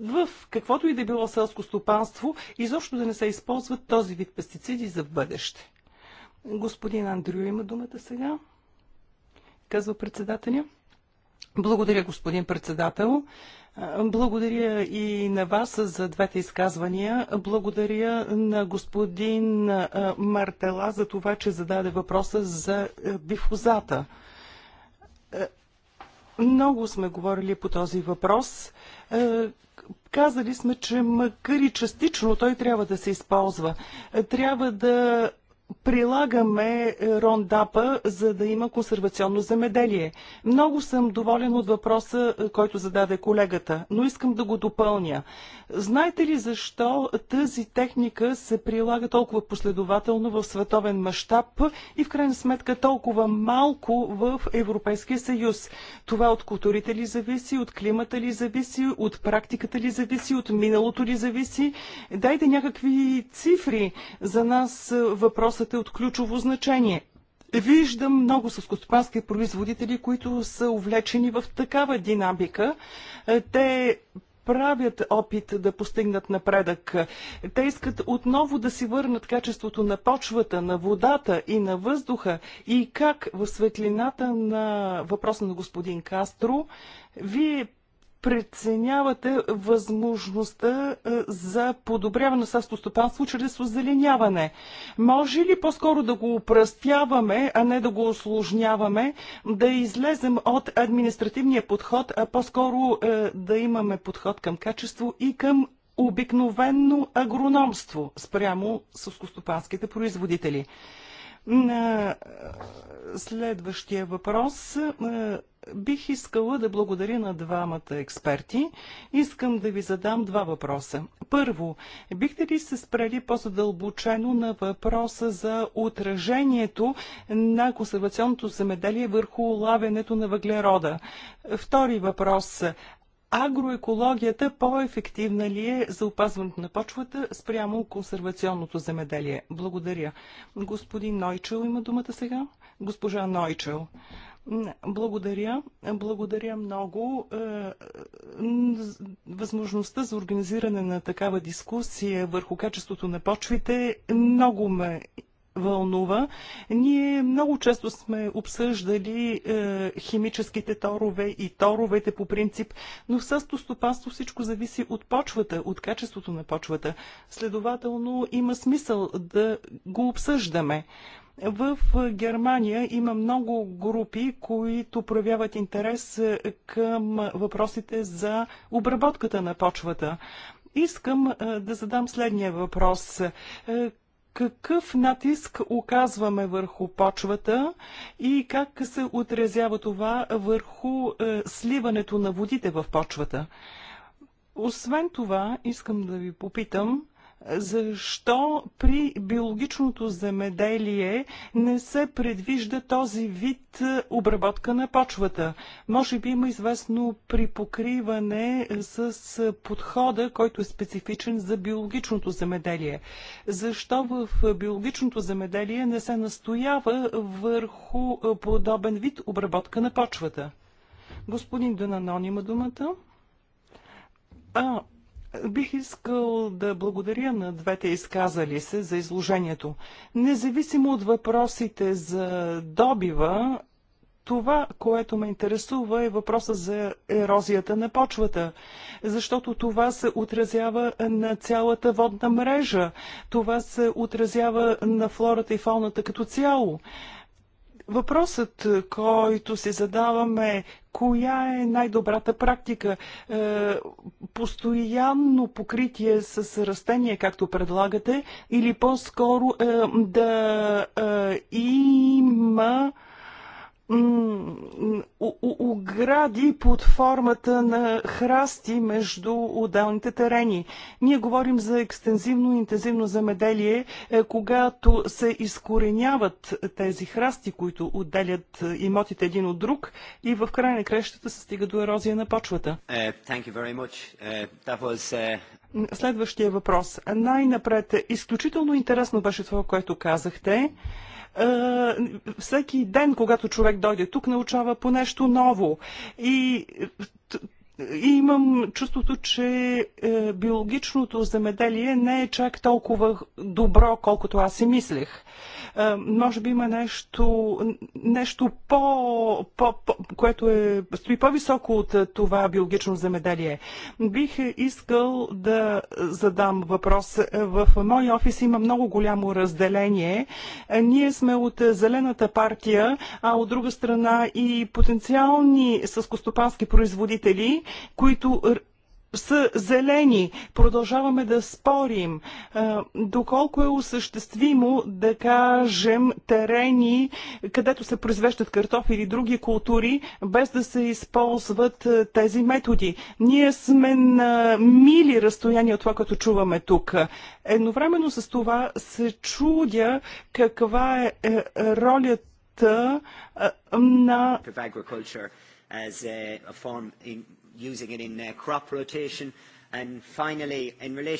в каквото и да е било селско стопанство, изобщо да не се използват този вид пестициди за бъдеще. Господин Андрю има думата сега, казва председателя. Благодаря, господин председател. Благодаря и на вас за двете изказвания. Благодаря на господин Мартела за това, че зададе въпроса за бифозата. Много сме говорили по този въпрос – е, казали сме, че макар и частично той трябва да се използва. Е, трябва да прилагаме е, рондапа, за да има консервационно земеделие. Много съм доволен от въпроса, е, който зададе колегата, но искам да го допълня. Знаете ли защо тази техника се прилага толкова последователно в световен мащаб и в крайна сметка толкова малко в Европейския съюз? Това от културите ли зависи, от климата ли зависи, от практиката ли зависи, от миналото ли зависи? Дайте някакви цифри. За нас е, въпрос въпросът е от ключово значение. Виждам много съскостопански производители, които са увлечени в такава динамика. Е, те правят опит да постигнат напредък. Те искат отново да си върнат качеството на почвата, на водата и на въздуха и как в светлината на въпроса на господин Кастро вие преценявате възможността е, за подобряване на селското стопанство чрез озеленяване. Може ли по-скоро да го упростяваме, а не да го осложняваме, да излезем от административния подход, а по-скоро е, да имаме подход към качество и към обикновенно агрономство спрямо сълскостопанските производители? На следващия въпрос бих искала да благодаря на двамата експерти. Искам да ви задам два въпроса. Първо, бихте ли се спрели по-задълбочено на въпроса за отражението на консервационното земеделие върху лавенето на въглерода? Втори въпрос агроекологията по-ефективна ли е за опазването на почвата спрямо консервационното земеделие? Благодаря. Господин Нойчел има думата сега. Госпожа Нойчел. Благодаря. Благодаря много. Е, възможността за организиране на такава дискусия върху качеството на почвите много ме вълнува. Ние много често сме обсъждали е, химическите торове и торовете по принцип, но в състо стопанство всичко зависи от почвата, от качеството на почвата. Следователно има смисъл да го обсъждаме. В Германия има много групи, които проявяват интерес е, към въпросите за обработката на почвата. Искам е, да задам следния въпрос. Е, какъв натиск оказваме върху почвата и как се отразява това върху е, сливането на водите в почвата. Освен това, искам да ви попитам, защо при биологичното земеделие не се предвижда този вид е, обработка на почвата. Може би има известно припокриване с е, подхода, който е специфичен за биологичното земеделие. Защо в биологичното земеделие не се настоява върху е, подобен вид обработка на почвата? Господин Дананон има думата. А, Бих искал да благодаря на двете изказали се за изложението. Независимо от въпросите за добива, това, което ме интересува е въпроса за ерозията на почвата, защото това се отразява на цялата водна мрежа, това се отразява на флората и фауната като цяло. Въпросът, е, който се задаваме, коя е най-добрата практика? Е, постоянно покритие с растения, както предлагате, или по-скоро е, да има огради под формата на храсти между отделните терени. Ние говорим за екстензивно и интензивно замеделие, е, когато се изкореняват тези храсти, които отделят е, имотите един от друг и в край на крещата се стига до ерозия на почвата. Е, Следващия въпрос. Най-напред, изключително интересно беше това, което казахте. Е, всеки ден, когато човек дойде тук, научава по нещо ново. И и имам чувството, че е, биологичното земеделие не е чак толкова добро, колкото аз си мислех. Е, може би има нещо, нещо по, по, по което е, стои по-високо от е, това биологично земеделие. Бих искал да задам въпрос. В мой офис има много голямо разделение. Ние сме от Зелената партия, а от друга страна и потенциални съскостопански производители които са зелени. Продължаваме да спорим е, доколко е осъществимо да кажем терени, където се произвеждат картофи или други култури, без да се използват е, тези методи. Ние сме на мили разстояние от това, като чуваме тук. Едновременно с това се чудя каква е, е ролята на using it in their crop rotation Finally,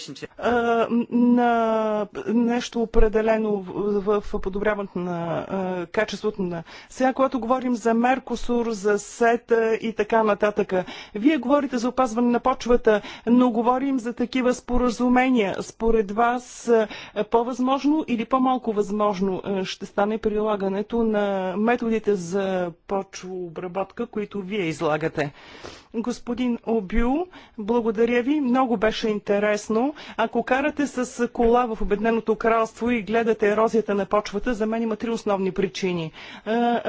to... на нещо определено в, в подобряването на качеството на... Сега, когато говорим за Меркосур, за СЕТА и така нататък, вие говорите за опазване на почвата, но говорим за такива споразумения. Според вас по-възможно или по-малко възможно ще стане прилагането на методите за почвообработка, които вие излагате? Господин Обю, благодаря ви. Много беше интересно. Ако карате с кола в Обедненото кралство и гледате ерозията на почвата, за мен има три основни причини. Е, е,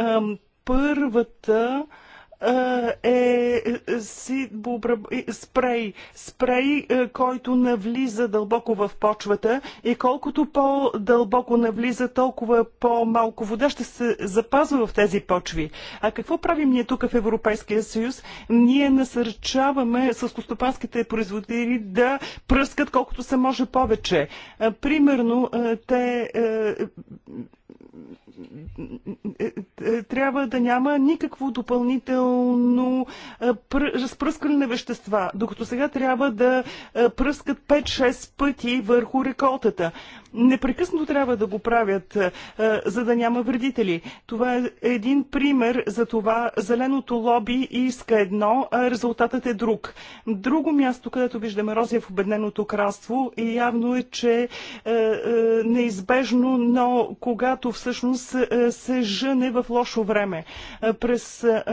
първата е, е спрей. Спрей, е, който навлиза дълбоко в почвата и колкото по-дълбоко навлиза, толкова по-малко вода ще се запазва в тези почви. А какво правим ние тук в Европейския съюз? Ние насърчаваме костопанските производители да пръскат колкото се може повече. Е, примерно, те трябва да няма никакво допълнително разпръскане на вещества, докато сега трябва да пръскат 5-6 пъти върху реколтата. Непрекъснато трябва да го правят, за да няма вредители. Това е един пример за това зеленото лоби иска едно, а резултатът е друг. Друго място, където виждаме розия в обедненото кралство, явно е, че е, неизбежно, но когато която всъщност е, се жъне в лошо време. Е, през е,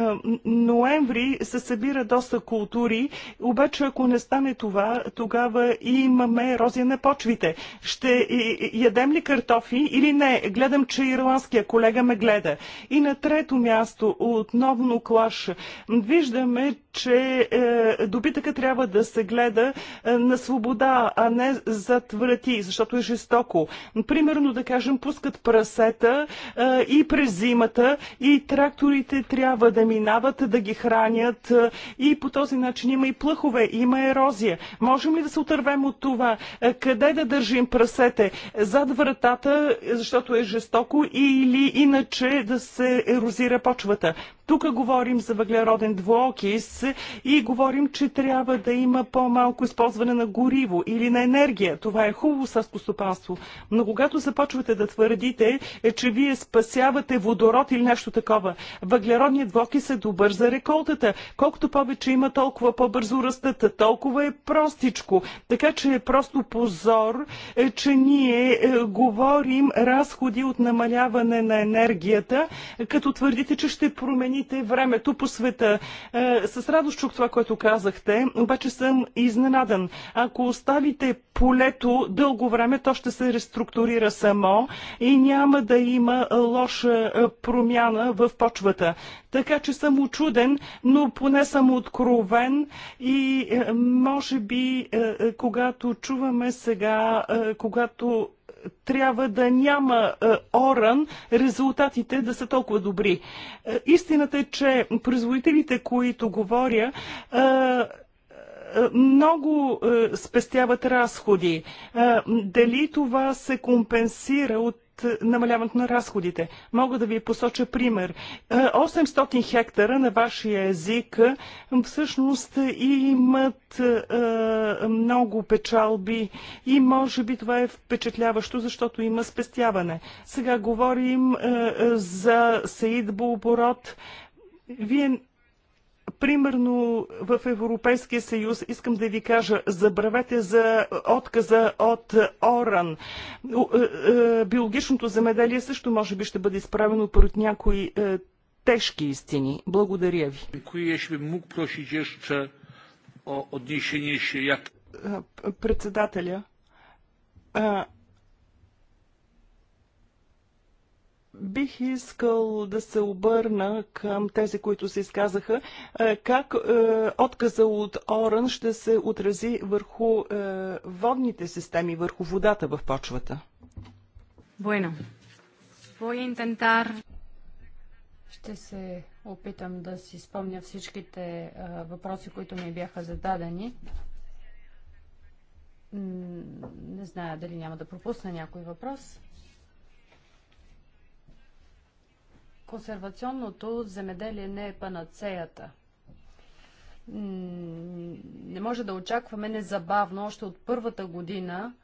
ноември се събира доста култури, обаче ако не стане това, тогава имаме ерозия на почвите. Ще ядем ли картофи или не? Гледам, че ирландския колега ме гледа. И на трето място, отново клаш. Виждаме, че е, добитъка трябва да се гледа е, на свобода, а не зад врати, защото е жестоко. Примерно, да кажем, пускат прасета е, и през зимата и тракторите трябва да минават, да ги хранят е, и по този начин има и плъхове, има ерозия. Можем ли да се отървем от това? Е, къде да държим прасете? Зад вратата, защото е жестоко или иначе да се ерозира почвата. Тук говорим за въглероден двуокис и говорим, че трябва да има по-малко използване на гориво или на енергия. Това е хубаво сърско стопанство. Но когато започвате да твърдите, е, че вие спасявате водород или нещо такова, въглеродният двуокис е добър за реколтата. Колкото повече има, толкова по-бързо растат, толкова е простичко. Така че е просто позор, е, че ние е, говорим разходи от намаляване на енергията, като твърдите, че ще промени промените времето по света. Е, с радост чух това, което казахте, обаче съм изненадан. Ако оставите полето дълго време, то ще се реструктурира само и няма да има лоша е, промяна в почвата. Така че съм очуден, но поне съм откровен и е, може би, когато чуваме сега, когато трябва да няма е, оран, резултатите да са толкова добри. Е, истината е, че производителите, които говоря, е, много спестяват разходи. Дали това се компенсира от е, намаляването на разходите. Мога да ви посоча пример. 800 е, хектара на вашия език е, всъщност имат много печалби и може би това е впечатляващо, защото има спестяване. Сега говорим за Саид оборот. Вие Примерно в Европейския съюз, искам да ви кажа, забравете за отказа от Оран. Е, е, биологичното замеделие също може би ще бъде изправено пред някои е, тежки истини. Благодаря ви. Председателя, Бих искал да се обърна към тези, които се изказаха. Е, как е, отказа от Оран ще се отрази върху е, водните системи, върху водата в почвата? Bueno, voy a intentar... Ще се опитам да си спомня всичките въпроси, които ми бяха зададени. Не зная дали няма да пропусна някой въпрос. консервационното земеделие не е панацеята. Не може да очакваме незабавно, още от първата година,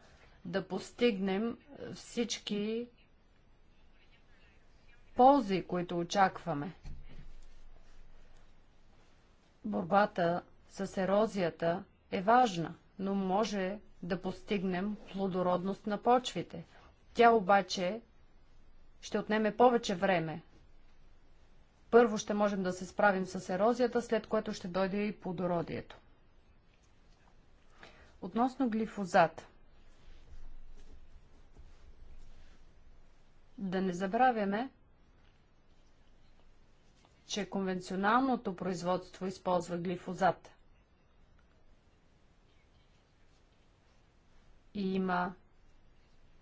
да постигнем всички ползи, които очакваме. Борбата с ерозията е важна, но може да постигнем плодородност на почвите. Тя обаче ще отнеме повече време, първо ще можем да се справим с ерозията, след което ще дойде и плодородието. Относно глифозат. Да не забравяме, че конвенционалното производство използва глифозат. И има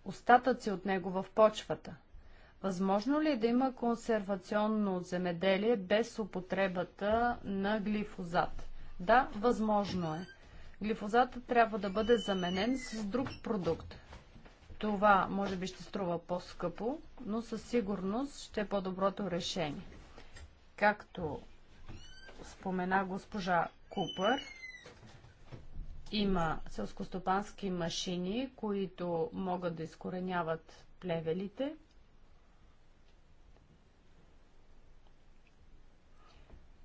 остатъци от него в почвата – Възможно ли е да има консервационно земеделие без употребата на глифозат? Да, възможно е. Глифозатът трябва да бъде заменен с друг продукт. Това може би ще струва по-скъпо, но със сигурност ще е по-доброто решение. Както спомена госпожа Купър, има селскостопански машини, които могат да изкореняват плевелите –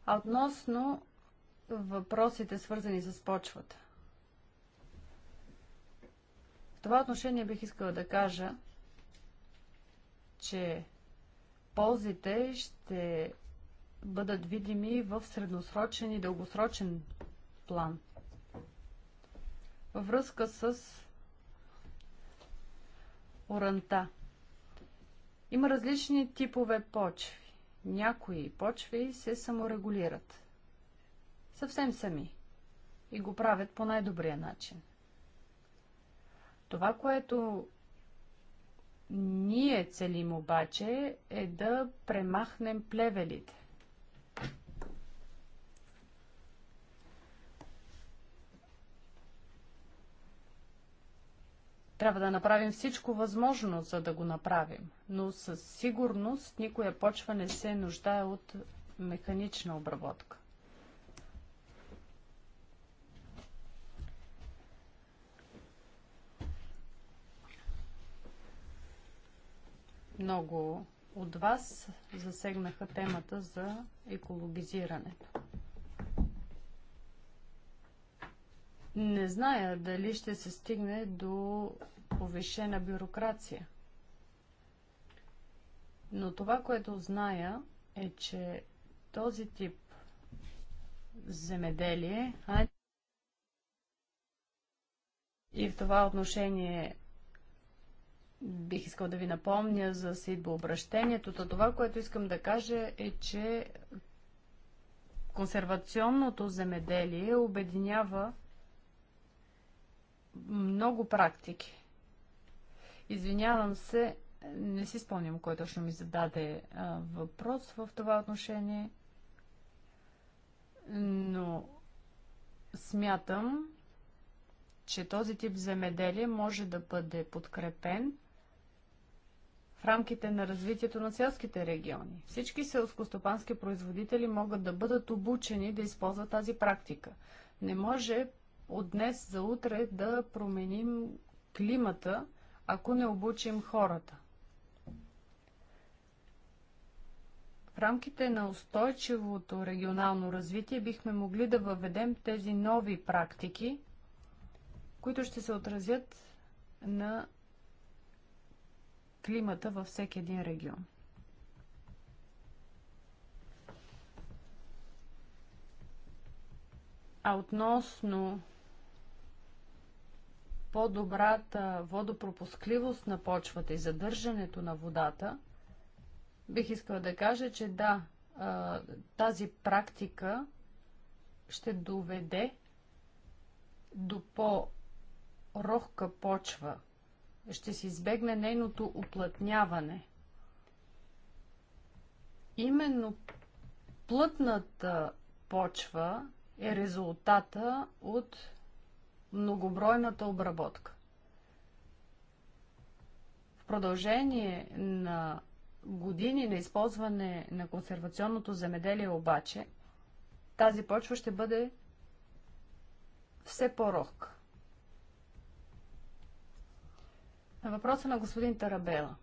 относно въпросите, свързани с почвата. В това отношение бих искала да кажа, че ползите ще бъдат видими в средносрочен и дългосрочен план. Във връзка с оранта. Има различни типове почви някои почви се саморегулират. Съвсем сами. И го правят по най-добрия начин. Това, което ние целим обаче, е да премахнем плевелите. Трябва да направим всичко възможно, за да го направим. Но със сигурност никоя почва не се нуждае от механична обработка. Много от вас засегнаха темата за екологизирането. Не зная дали ще се стигне до повишена бюрокрация. Но това, което зная, е, че този тип земеделие и в това отношение бих искал да ви напомня за съдбообращението. То това, което искам да кажа е, че консервационното земеделие обединява много практики. Извинявам се, не си спомням кой точно ми зададе въпрос в това отношение, но смятам, че този тип земеделие може да бъде подкрепен в рамките на развитието на селските региони. Всички селскостопански производители могат да бъдат обучени да използват тази практика. Не може от днес за утре да променим климата, ако не обучим хората. В рамките на устойчивото регионално развитие бихме могли да въведем тези нови практики, които ще се отразят на климата във всеки един регион. А относно по-добрата водопропускливост на почвата и задържането на водата, бих искала да кажа, че да, тази практика ще доведе до по-рохка почва. Ще се избегне нейното уплътняване. Именно плътната почва е резултата от многобройната обработка. В продължение на години на използване на консервационното земеделие обаче, тази почва ще бъде все по-рок. На въпроса на господин Тарабела.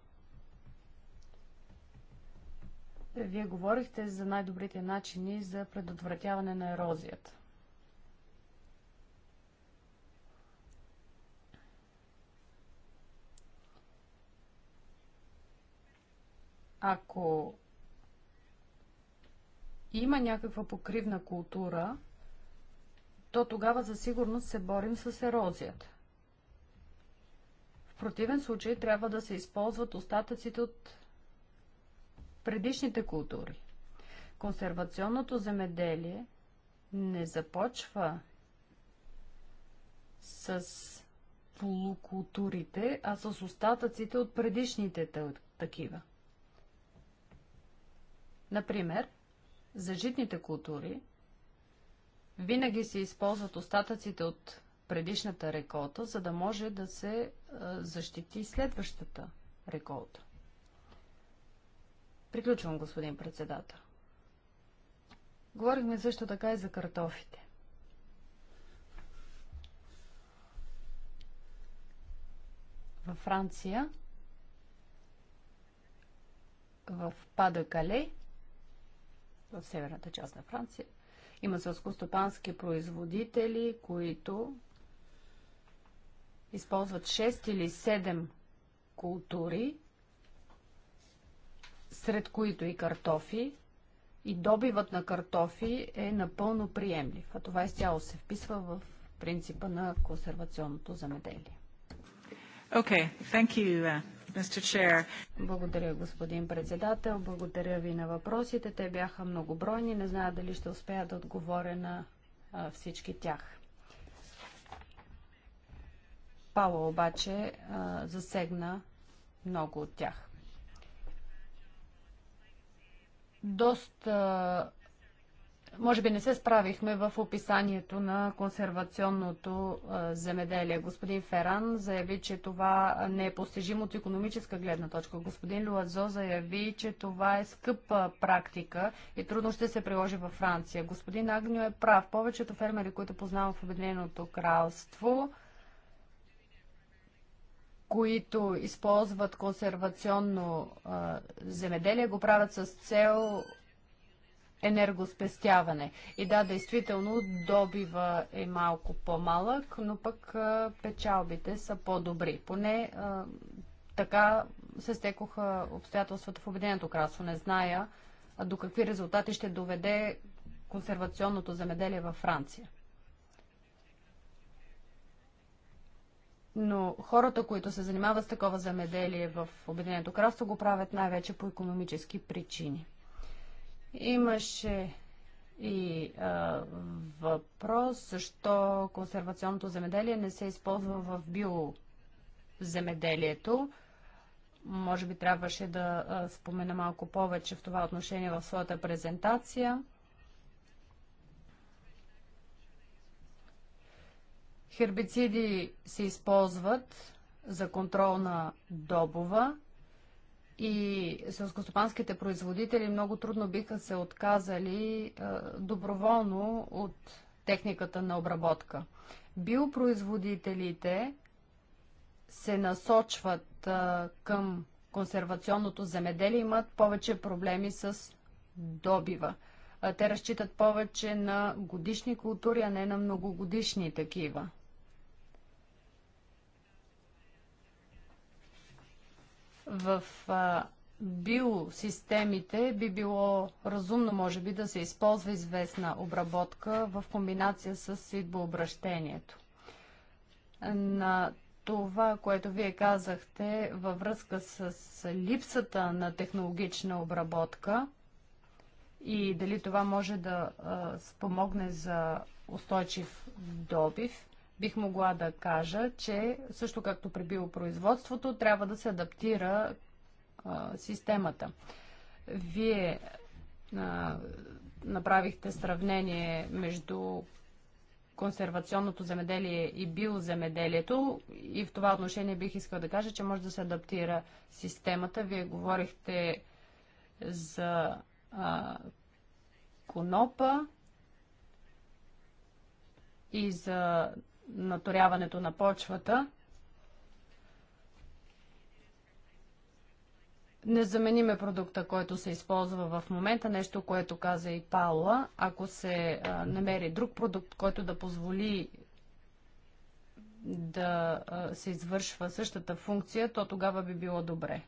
Вие говорихте за най-добрите начини за предотвратяване на ерозията. Ако има някаква покривна култура, то тогава за сигурност се борим с ерозията. В противен случай трябва да се използват остатъците от предишните култури. Консервационното земеделие не започва с полукултурите, а с остатъците от предишните такива. Например, за житните култури винаги се използват остатъците от предишната реколта, за да може да се защити следващата реколта. Приключвам, господин председател. Говорихме също така и за картофите. Във Франция, в Пада Кале, в северната част на Франция. Има сълскостопански производители, които използват 6 или 7 култури, сред които и картофи, и добивът на картофи е напълно приемлив, а това изцяло се вписва в принципа на консервационното замеделие. Okay, thank you. Uh, благодаря, господин председател. Благодаря ви на въпросите. Те бяха многобройни. Не зная дали ще успея да отговоря на всички тях. Павла обаче засегна много от тях. Доста може би не се справихме в описанието на консервационното земеделие. Господин Феран заяви, че това не е постижимо от економическа гледна точка. Господин Луазо заяви, че това е скъпа практика и трудно ще се приложи във Франция. Господин Агньо е прав. Повечето фермери, които познавам в Обединеното кралство, които използват консервационно а, земеделие, го правят с цел енергоспестяване. И да, действително добива е малко по-малък, но пък печалбите са по-добри. Поне така се стекоха обстоятелствата в Обединеното кралство. Не зная до какви резултати ще доведе консервационното замеделие във Франция. Но хората, които се занимават с такова замеделие в Обединеното кралство, го правят най-вече по економически причини. Имаше и а, въпрос защо консервационното земеделие не се използва в биоземеделието. Може би трябваше да а, спомена малко повече в това отношение в своята презентация. Хербициди се използват за контрол на добова и селскостопанските производители много трудно биха се отказали доброволно от техниката на обработка. Биопроизводителите се насочват към консервационното земеделие, имат повече проблеми с добива. Те разчитат повече на годишни култури, а не на многогодишни такива. в а, биосистемите би било разумно, може би, да се използва известна обработка в комбинация с идбообращението. На това, което вие казахте във връзка с липсата на технологична обработка и дали това може да а, спомогне за устойчив добив – бих могла да кажа, че също както при биопроизводството, трябва да се адаптира а, системата. Вие а, направихте сравнение между консервационното земеделие и биоземеделието. И в това отношение бих искал да кажа, че може да се адаптира системата. Вие говорихте за а, конопа и за наторяването на почвата. Не замениме продукта, който се използва в момента, нещо, което каза и Паула. Ако се намери друг продукт, който да позволи да се извършва същата функция, то тогава би било добре.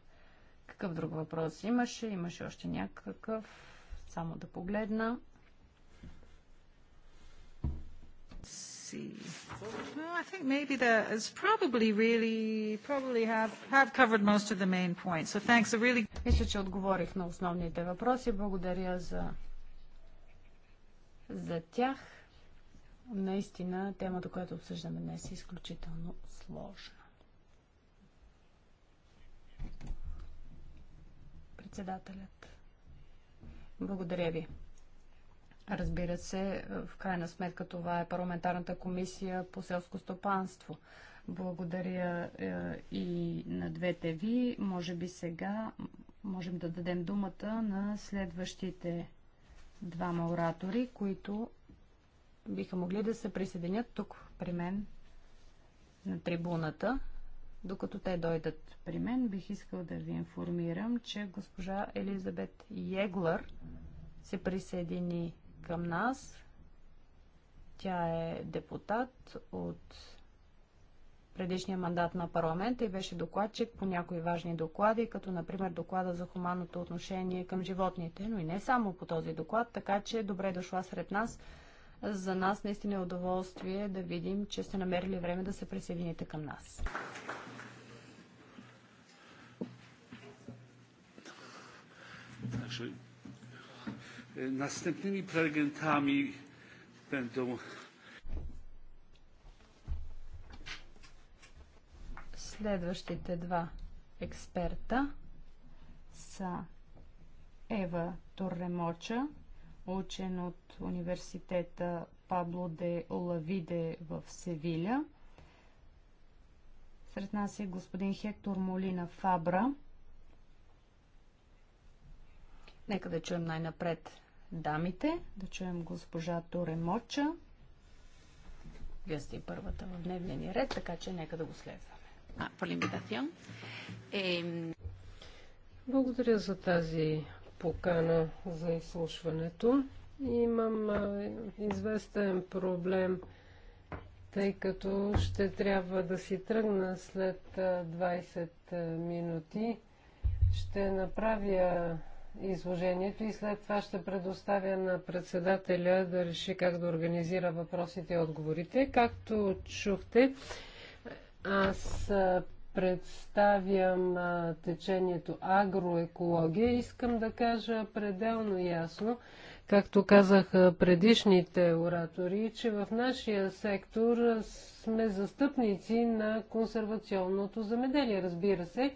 Какъв друг въпрос имаше? Имаше още някакъв. Само да погледна see. Well, I think maybe that is probably really, probably have, have covered most of the main points. So thanks, a really... Мисля, че отговорих на основните въпроси. Благодаря за, за тях. Наистина, темата, която обсъждаме днес е изключително сложна. Председателят. Благодаря ви. Разбира се, в крайна сметка това е парламентарната комисия по селско стопанство. Благодаря е, и на двете ви. Може би сега можем да дадем думата на следващите двама оратори, които биха могли да се присъединят тук при мен на трибуната. Докато те дойдат при мен, бих искал да ви информирам, че госпожа Елизабет Еглър се присъедини към нас. Тя е депутат от предишния мандат на парламента и беше докладчик по някои важни доклади, като например доклада за хуманното отношение към животните, но и не само по този доклад, така че добре дошла сред нас. За нас наистина е удоволствие да видим, че сте намерили време да се присъедините към нас. Actually, E, następnymi prelegentami będą. Следващите два експерта са Ева Торремоча, учен от университета Пабло де Олавиде в Севиля. Сред нас е господин Хектор Молина Фабра. Нека да чуем най-напред дамите. Да чуем госпожа Торе Моча. Вие сте и първата в дневния ни ред, така че нека да го следваме. Е... Благодаря за тази покана за изслушването. Имам известен проблем, тъй като ще трябва да си тръгна след 20 минути. Ще направя изложението и след това ще предоставя на председателя да реши как да организира въпросите и отговорите. Както чухте, аз представям течението агроекология. Искам да кажа пределно ясно, както казах предишните оратори, че в нашия сектор сме застъпници на консервационното замеделие. Разбира се,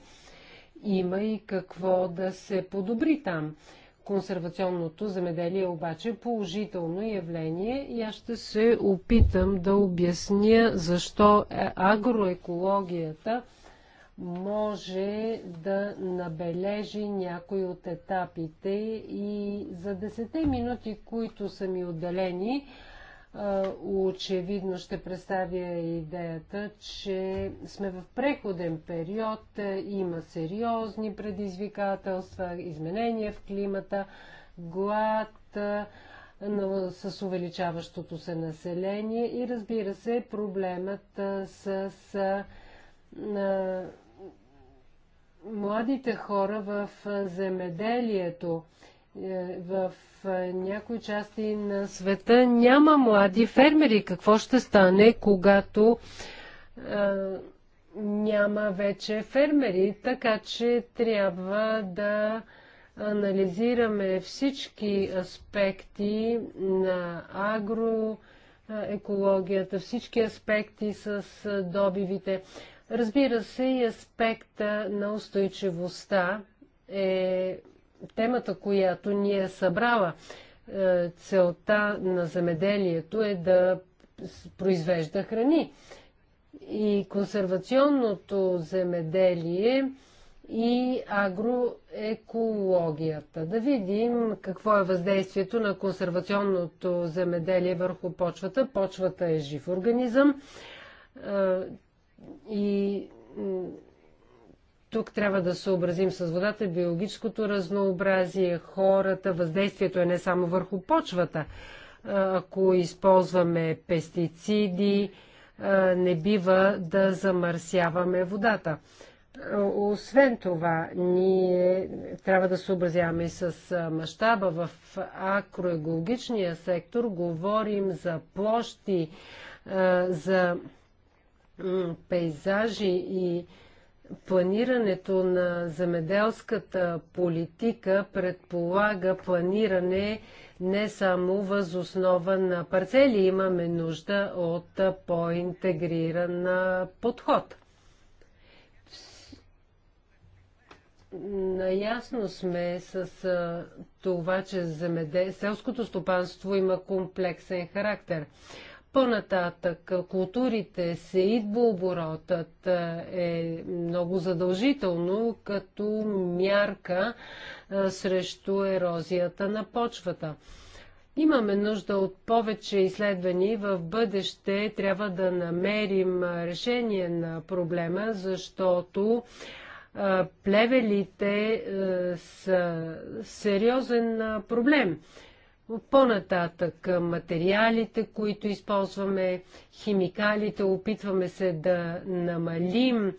има и какво да се подобри там. Консервационното е обаче положително явление и аз ще се опитам да обясня защо е, агроекологията може да набележи някои от етапите и за 10 минути, които са ми отделени, очевидно ще представя идеята, че сме в преходен период, е, има сериозни предизвикателства, изменения в климата, глад, е, но с увеличаващото се население и разбира се проблемът е, с, с на, младите хора в земеделието е, в е, някои части на света няма млади фермери. Какво ще стане, когато а, е, няма вече фермери? Така че трябва да анализираме всички аспекти на агроекологията, всички аспекти с добивите. Разбира се, и аспекта на устойчивостта е темата, която ни е събрала. Е, целта на земеделието е да произвежда храни. И консервационното земеделие и агроекологията. Да видим какво е въздействието на консервационното земеделие върху почвата. Почвата е жив организъм е, и тук трябва да съобразим с водата, биологическото разнообразие, хората, въздействието е не само върху почвата. Ако използваме пестициди, не бива да замърсяваме водата. Освен това, ние трябва да съобразяваме и с мащаба в акроекологичния сектор. Говорим за площи, за пейзажи и Планирането на земеделската политика предполага планиране не само въз основа на парцели. Имаме нужда от по-интегриран подход. Наясно сме с това, че земеде... селското стопанство има комплексен характер. По-нататък културите, се идбооборотът е много задължително като мярка срещу ерозията на почвата. Имаме нужда от повече изследвания в бъдеще трябва да намерим решение на проблема, защото плевелите са сериозен проблем по-нататък материалите, които използваме, химикалите, опитваме се да намалим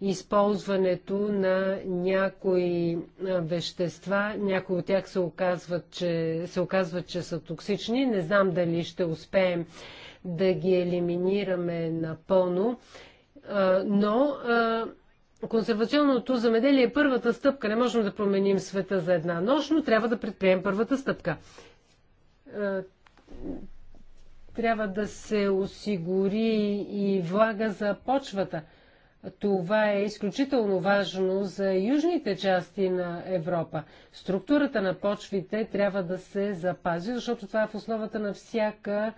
използването на някои вещества. Някои от тях се оказват, че, се оказват, че са токсични. Не знам дали ще успеем да ги елиминираме напълно, но консервационното замеделие е първата стъпка. Не можем да променим света за една нощ, но трябва да предприемем първата стъпка. Е, трябва да се осигури и влага за почвата. Това е изключително важно за южните части на Европа. Структурата на почвите трябва да се запази, защото това е в основата на всяка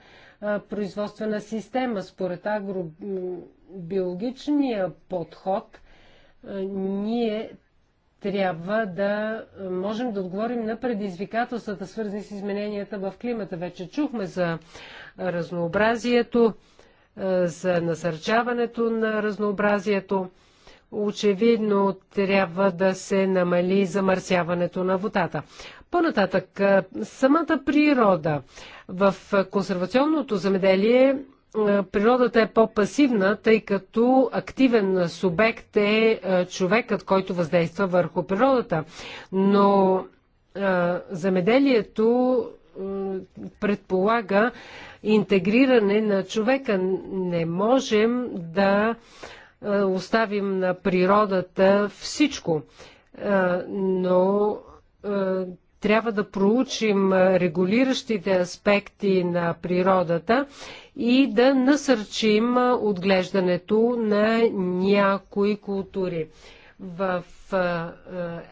производствена система. Според агробиологичния подход, ние трябва да е, можем да отговорим на предизвикателствата, свързани с измененията в климата. Вече чухме за разнообразието, е, за насърчаването на разнообразието. Очевидно трябва да се намали замърсяването на водата. По-нататък, е, самата природа в консервационното замеделие е, природата е по-пасивна, тъй като активен субект е, е човекът, който въздейства върху природата. Но е, замеделието предполага интегриране на човека. Не можем да оставим на природата всичко, но трябва да проучим регулиращите аспекти на природата и да насърчим отглеждането на някои култури. В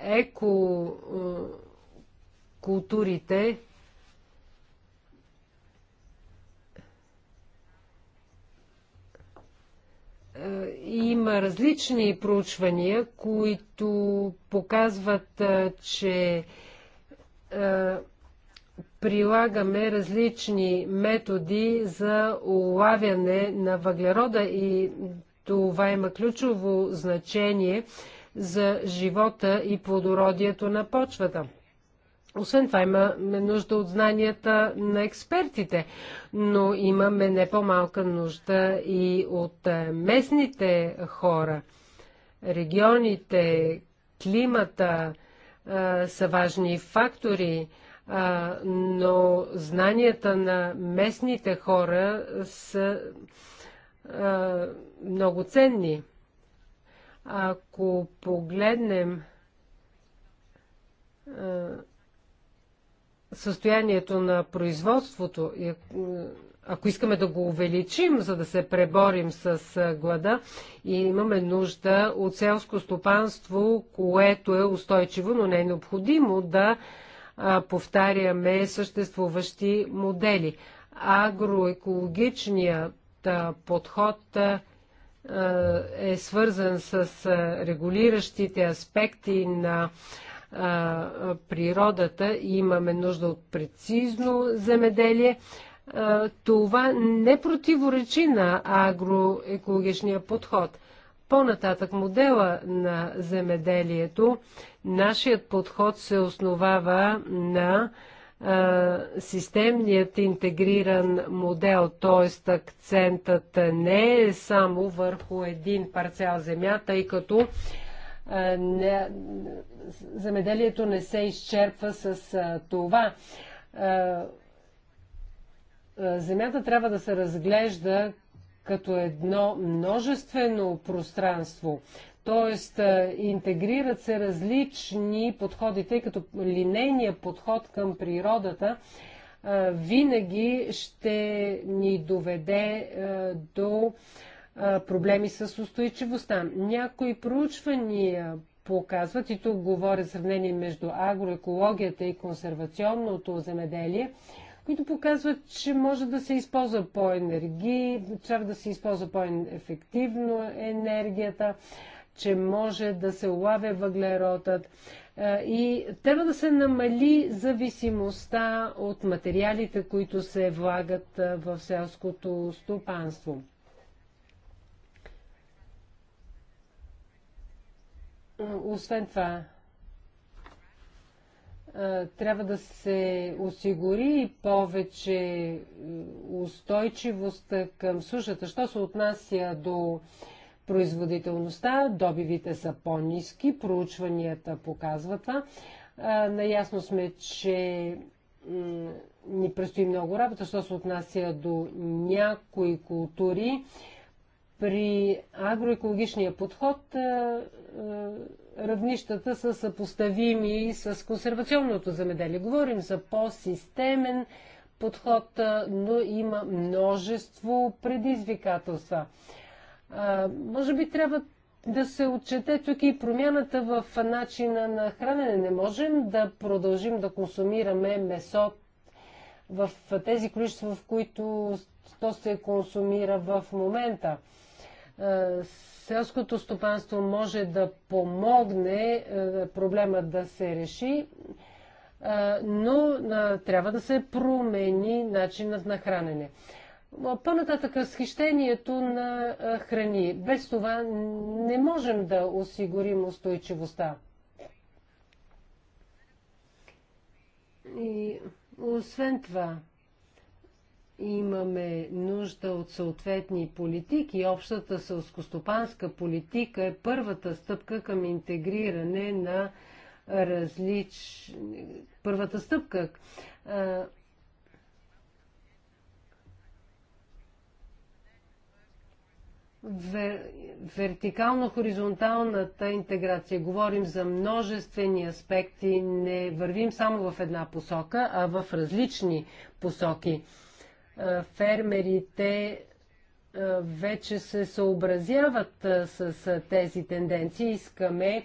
екокултурите има различни проучвания, които показват, че е, прилагаме различни методи за улавяне на въглерода и това има ключово значение за живота и плодородието на почвата. Освен това имаме нужда от знанията на експертите, но имаме не по-малка нужда и от е, местните хора, регионите, климата, са важни фактори, а, но знанията на местните хора са а, много ценни. Ако погледнем състоянието на производството, ако искаме да го увеличим, за да се преборим с глада, и имаме нужда от селско стопанство, което е устойчиво, но не е необходимо да повтаряме съществуващи модели. Агроекологичният подход е свързан с регулиращите аспекти на природата и имаме нужда от прецизно земеделие това не противоречи на агроекологичния подход. По-нататък модела на земеделието, нашият подход се основава на системният интегриран модел, т.е. акцентът не е само върху един парцел земя, тъй като не, земеделието не се изчерпва с това. Е, Земята трябва да се разглежда като едно множествено пространство, т.е. интегрират се различни подходи, тъй като линейният подход към природата е, винаги ще ни доведе е, до проблеми с устойчивостта. Някои проучвания показват, и тук говоря сравнение между агроекологията и консервационното земеделие, които показват, че може да се използва по-енергии, трябва да се използва по-ефективно енергията, че може да се улавя въглеродът и трябва да се намали зависимостта от материалите, които се влагат в селското стопанство. Освен това, трябва да се осигури повече устойчивост към сушата. Що се отнася до производителността, добивите са по-низки, проучванията показват това. Наясно сме, че ни предстои много работа, що се отнася до някои култури. При агроекологичния подход равнищата са съпоставими с консервационното замеделие. Говорим за по-системен подход, но има множество предизвикателства. А, може би трябва да се отчете тук и промяната в начина на хранене. Не можем да продължим да консумираме месо в тези количества, в които то се консумира в момента. Е, селското стопанство може да помогне е, проблема да се реши, е, но трябва да се промени начинът на хранене. По-нататък разхищението на храни. Без това не можем да осигурим устойчивостта. И освен това, Имаме нужда от съответни политики. Общата селскостопанска политика е първата стъпка към интегриране на различ... Първата стъпка. Вер... вертикално-хоризонталната интеграция. Говорим за множествени аспекти, не вървим само в една посока, а в различни посоки. Е, фермерите е, вече се съобразяват е, с тези тенденции. Искаме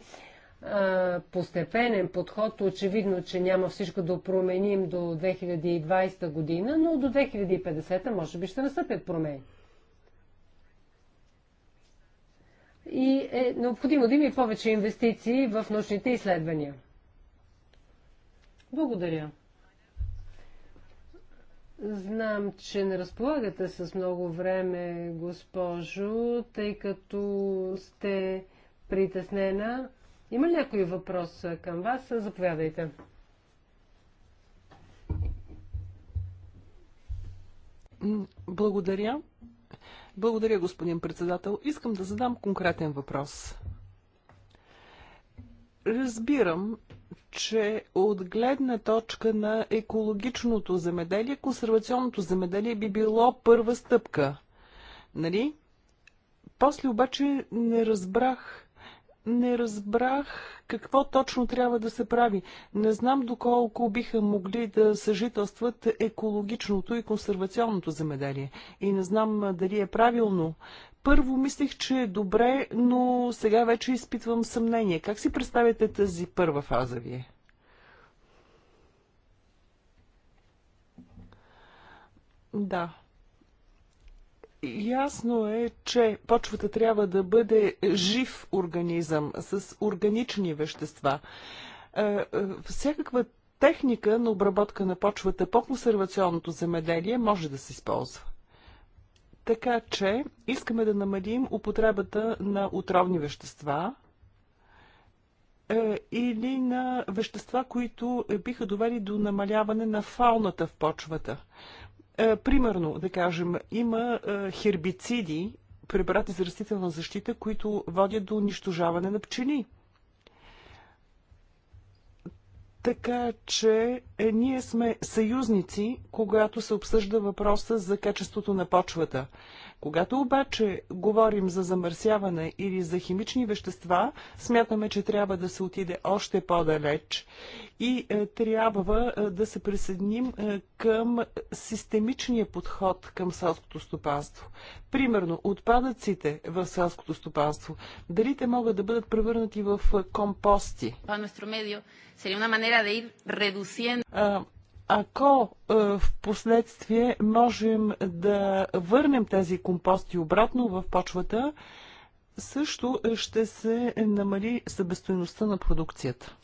постепенен подход. Очевидно, че няма всичко да променим до 2020 година, но до 2050 може би ще настъпят промени. И е необходимо да има и повече инвестиции в научните изследвания. Благодаря. Знам, че не разполагате с много време, госпожо, тъй като сте притеснена. Има ли някой въпрос към вас? Заповядайте. Благодаря. Благодаря, господин председател. Искам да задам конкретен въпрос. Разбирам, че от гледна точка на екологичното земеделие, консервационното земеделие би било първа стъпка. Нали? После обаче не разбрах не разбрах какво точно трябва да се прави. Не знам доколко биха могли да съжителстват екологичното и консервационното земеделие. И не знам дали е правилно. Първо мислех, че е добре, но сега вече изпитвам съмнение. Как си представяте тази първа фаза вие? Да. Ясно е, че почвата трябва да бъде жив организъм с органични вещества. Е, е, всякаква техника на обработка на почвата по консервационното земеделие може да се използва. Така че искаме да намалим употребата на отровни вещества е, или на вещества, които биха довели до намаляване на фауната в почвата. Е, примерно, да кажем, има е, хербициди, препарати за растителна защита, които водят до унищожаване на пчели. Така че е, ние сме съюзници, когато се обсъжда въпроса за качеството на почвата. Когато обаче говорим за замърсяване или за химични вещества, смятаме, че трябва да се отиде още по-далеч и е, трябва е, да се присъединим е, към системичния подход към селското стопанство. Примерно, отпадъците в селското стопанство, дали те могат да бъдат превърнати в компости? Ако е, в последствие можем да върнем тези компости обратно в почвата, също ще се намали събестоеността на продукцията.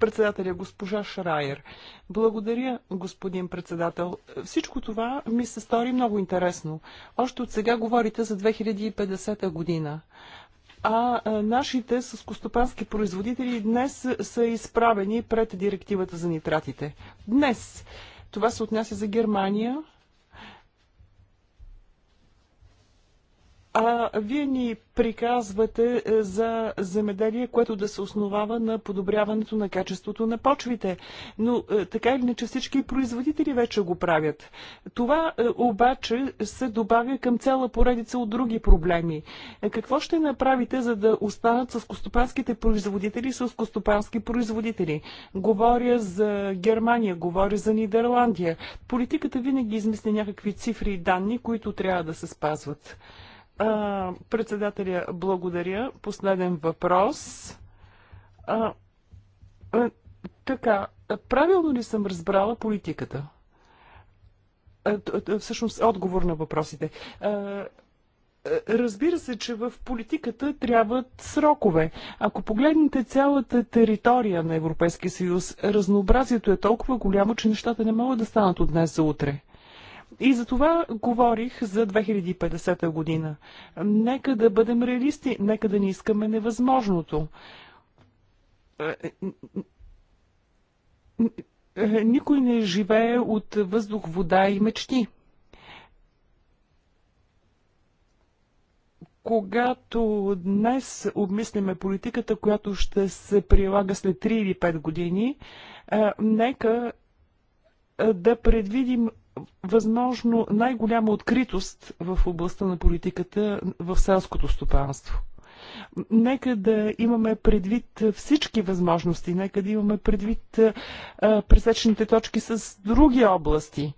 Председателя госпожа Шарайер, Благодаря, господин председател. Всичко това ми се стори много интересно. Още от сега говорите за 2050 година а нашите съскостопански производители днес са изправени пред директивата за нитратите. Днес това се отнася за Германия, а вие ни приказвате е, за земеделие, което да се основава на подобряването на качеството на почвите. Но е, така или иначе всички производители вече го правят. Това е, обаче се добавя към цяла поредица от други проблеми. Какво ще направите, за да останат с костопанските производители с костопански производители? Говоря за Германия, говоря за Нидерландия. Политиката винаги измисля някакви цифри и данни, които трябва да се спазват. А, председателя, благодаря. Последен въпрос. А, а, така, правилно ли съм разбрала политиката? А, всъщност, отговор на въпросите. А, Разбира се, че в политиката трябват срокове. Ако погледнете цялата територия на Европейския съюз, разнообразието е толкова голямо, че нещата не могат да станат от днес за утре. И за това говорих за 2050 година. Нека да бъдем реалисти, нека да не искаме невъзможното е, е, е, никой не живее от въздух, вода и мечти. Когато днес обмисляме политиката, която ще се прилага след 3 или 5 години, нека да предвидим възможно най-голяма откритост в областта на политиката в селското стопанство. Нека да имаме предвид всички възможности, нека да имаме предвид пресечните точки с други области.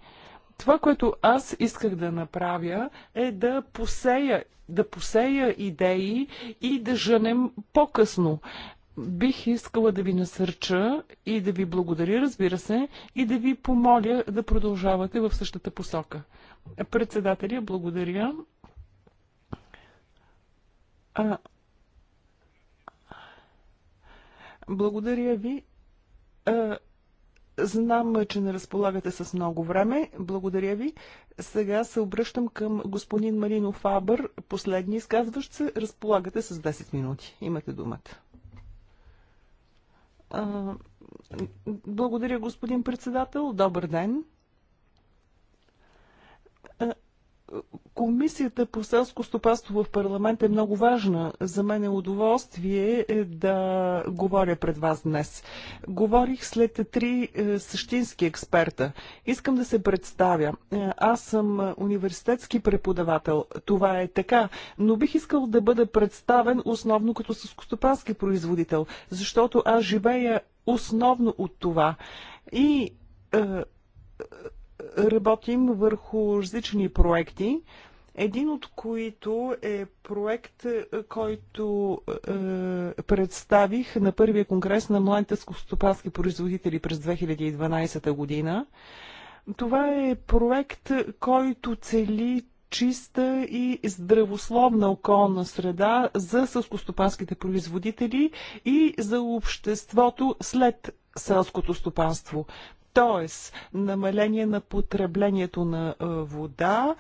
Това, което аз исках да направя, е да посея, да посея идеи и да женем по-късно. Бих искала да ви насърча и да ви благодаря, разбира се, и да ви помоля да продължавате в същата посока. Председателя, благодаря. А, благодаря ви. А, знам, че не разполагате с много време. Благодаря ви. Сега се обръщам към господин Марино Фабър, последни изказващ се. Разполагате с 10 минути. Имате думата. Благодаря, господин председател. Добър ден. Комисията по селско стопанство в парламент е много важна. За мен е удоволствие е, да говоря пред вас днес. Говорих след три е, същински експерта. Искам да се представя. Е, аз съм университетски преподавател. Това е така. Но бих искал да бъда представен основно като селскостопански производител, защото аз живея основно от това. И работим върху различни проекти, един от които е проект, който е, представих на първия конгрес на младите скостопански производители през 2012 година. Това е проект, който цели чиста и здравословна околна среда за сълскостопанските производители и за обществото след селското стопанство. Тоест, намаление на потреблението на вода,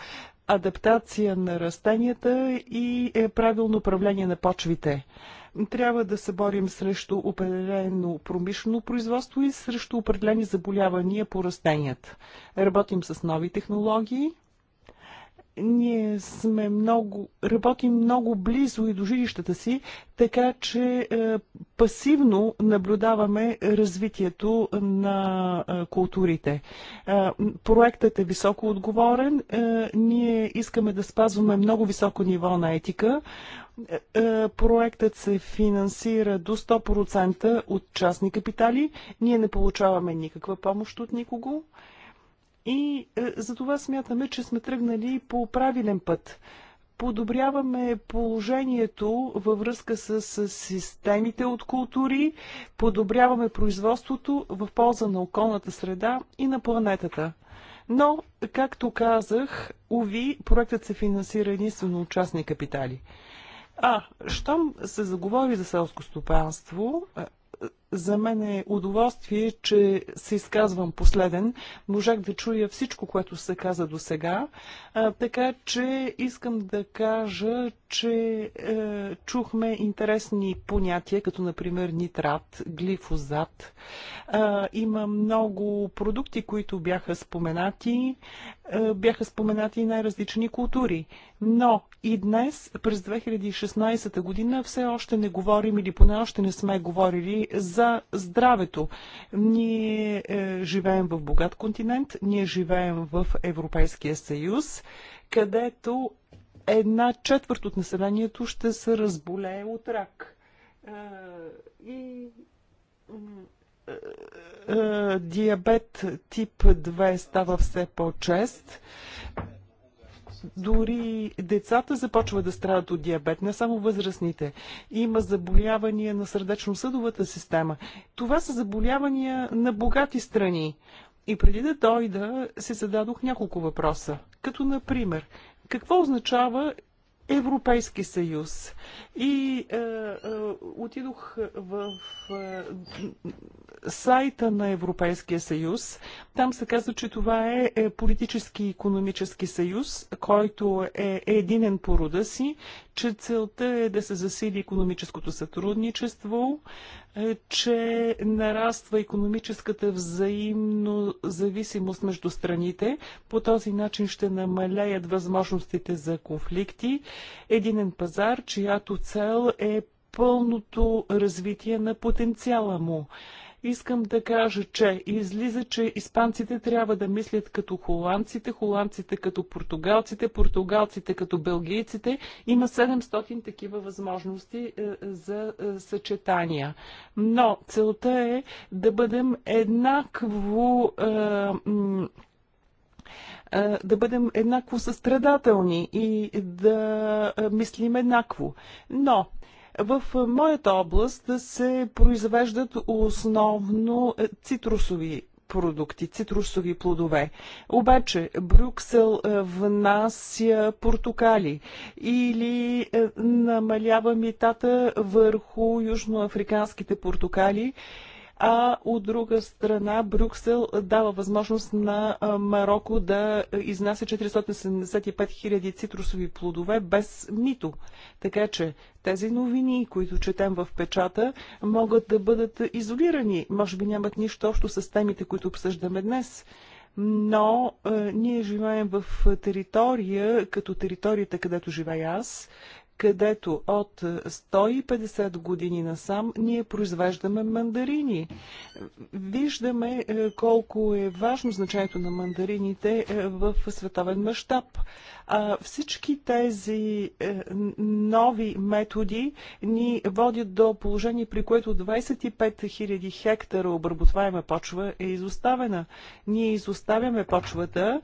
адаптация на растенията и е, правилно управление на почвите. Трябва да се борим срещу определено промишлено производство и срещу определени заболявания по растенията. Работим с нови технологии, ние сме много, работим много близо и до жилищата си, така че е, пасивно наблюдаваме развитието на е, културите. Е, проектът е високо отговорен. Е, ние искаме да спазваме много високо ниво на етика. Е, е, проектът се финансира до 100% от частни капитали. Ние не получаваме никаква помощ от никого. Е, и е, за това смятаме, че сме тръгнали по правилен път. Подобряваме положението във връзка с, с системите от култури, подобряваме производството в полза на околната среда и на планетата. Но, както казах, уви, проектът се финансира единствено от частни капитали. А, щом се заговори за селско стопанство, за мен е удоволствие, че се изказвам последен. Можах да чуя всичко, което се каза до сега. Така че искам да кажа, че е, чухме интересни понятия, като например нитрат, глифозат. Е, има много продукти, които бяха споменати. Е, бяха споменати и най-различни култури. Но и днес, през 2016 година, все още не говорим или поне още не сме говорили за здравето. Ние е, живеем в богат континент, ние живеем в Европейския съюз, където една четвърт от населението ще се разболее от рак. Е, и е, е, диабет тип 2 става все по-чест. Дори децата започват да страдат от диабет, не само възрастните. Има заболявания на сърдечно-съдовата система. Това са заболявания на богати страни. И преди да дойда, се зададох няколко въпроса. Като, например, какво означава Европейски съюз. И е, е, отидох в е, сайта на Европейския съюз. Там се казва, че това е, е политически и економически съюз, който е единен по рода си, че целта е да се засили економическото сътрудничество, е, че нараства економическата взаимно зависимост между страните. По този начин ще намаляят възможностите за конфликти. Единен пазар, чиято цел е пълното развитие на потенциала му. Искам да кажа, че излиза, че испанците трябва да мислят като холандците, холандците като португалците, португалците като белгийците. Има 700 такива възможности е, за е, съчетания. Но целта е да бъдем еднакво е, да бъдем еднакво състрадателни и да мислим еднакво. Но в моята област се произвеждат основно е, цитрусови продукти, цитрусови плодове. Обаче Брюксел е, внася портокали или е, намалява митата върху южноафриканските портокали а от друга страна Брюксел дава възможност на Марокко да изнася 475 хиляди цитрусови плодове без мито. Така че тези новини, които четем в печата, могат да бъдат изолирани. Може би нямат нищо общо с темите, които обсъждаме днес но е, ние живеем в територия, като територията, където живея аз, където от 150 години насам ние произвеждаме мандарини. Виждаме е, колко е важно значението на мандарините е, в световен мащаб. всички тези е, нови методи ни водят до положение, при което 25 000 хектара обработваема почва е изоставена. Ние изоставяме почвата.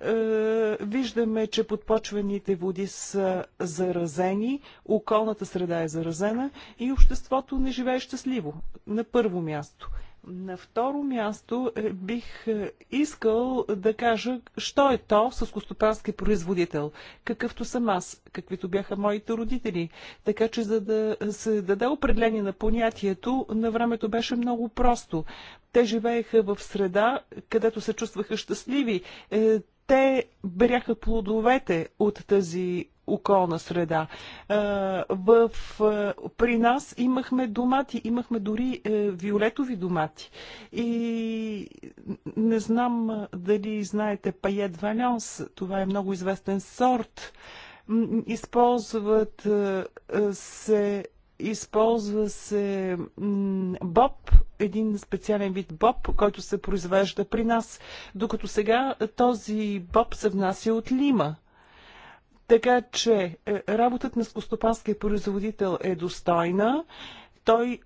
Е, виждаме, че подпочвените води са заразени, околната среда е заразена и обществото не живее щастливо. На първо място. На второ място е, бих е, искал да кажа, що е то с костопански производител, какъвто съм аз, каквито бяха моите родители. Така че, за да се даде определение на понятието, на времето беше много просто. Те живееха в среда, където се чувстваха щастливи те бряха плодовете от тази околна среда. В, при нас имахме домати, имахме дори е, виолетови домати. И не знам дали знаете Паед Валянс, това е много известен сорт. Използват се използва се боб един специален вид боб, който се произвежда при нас, докато сега този боб се внася от Лима. Така че е, работата на скостопанския производител е достойна. Той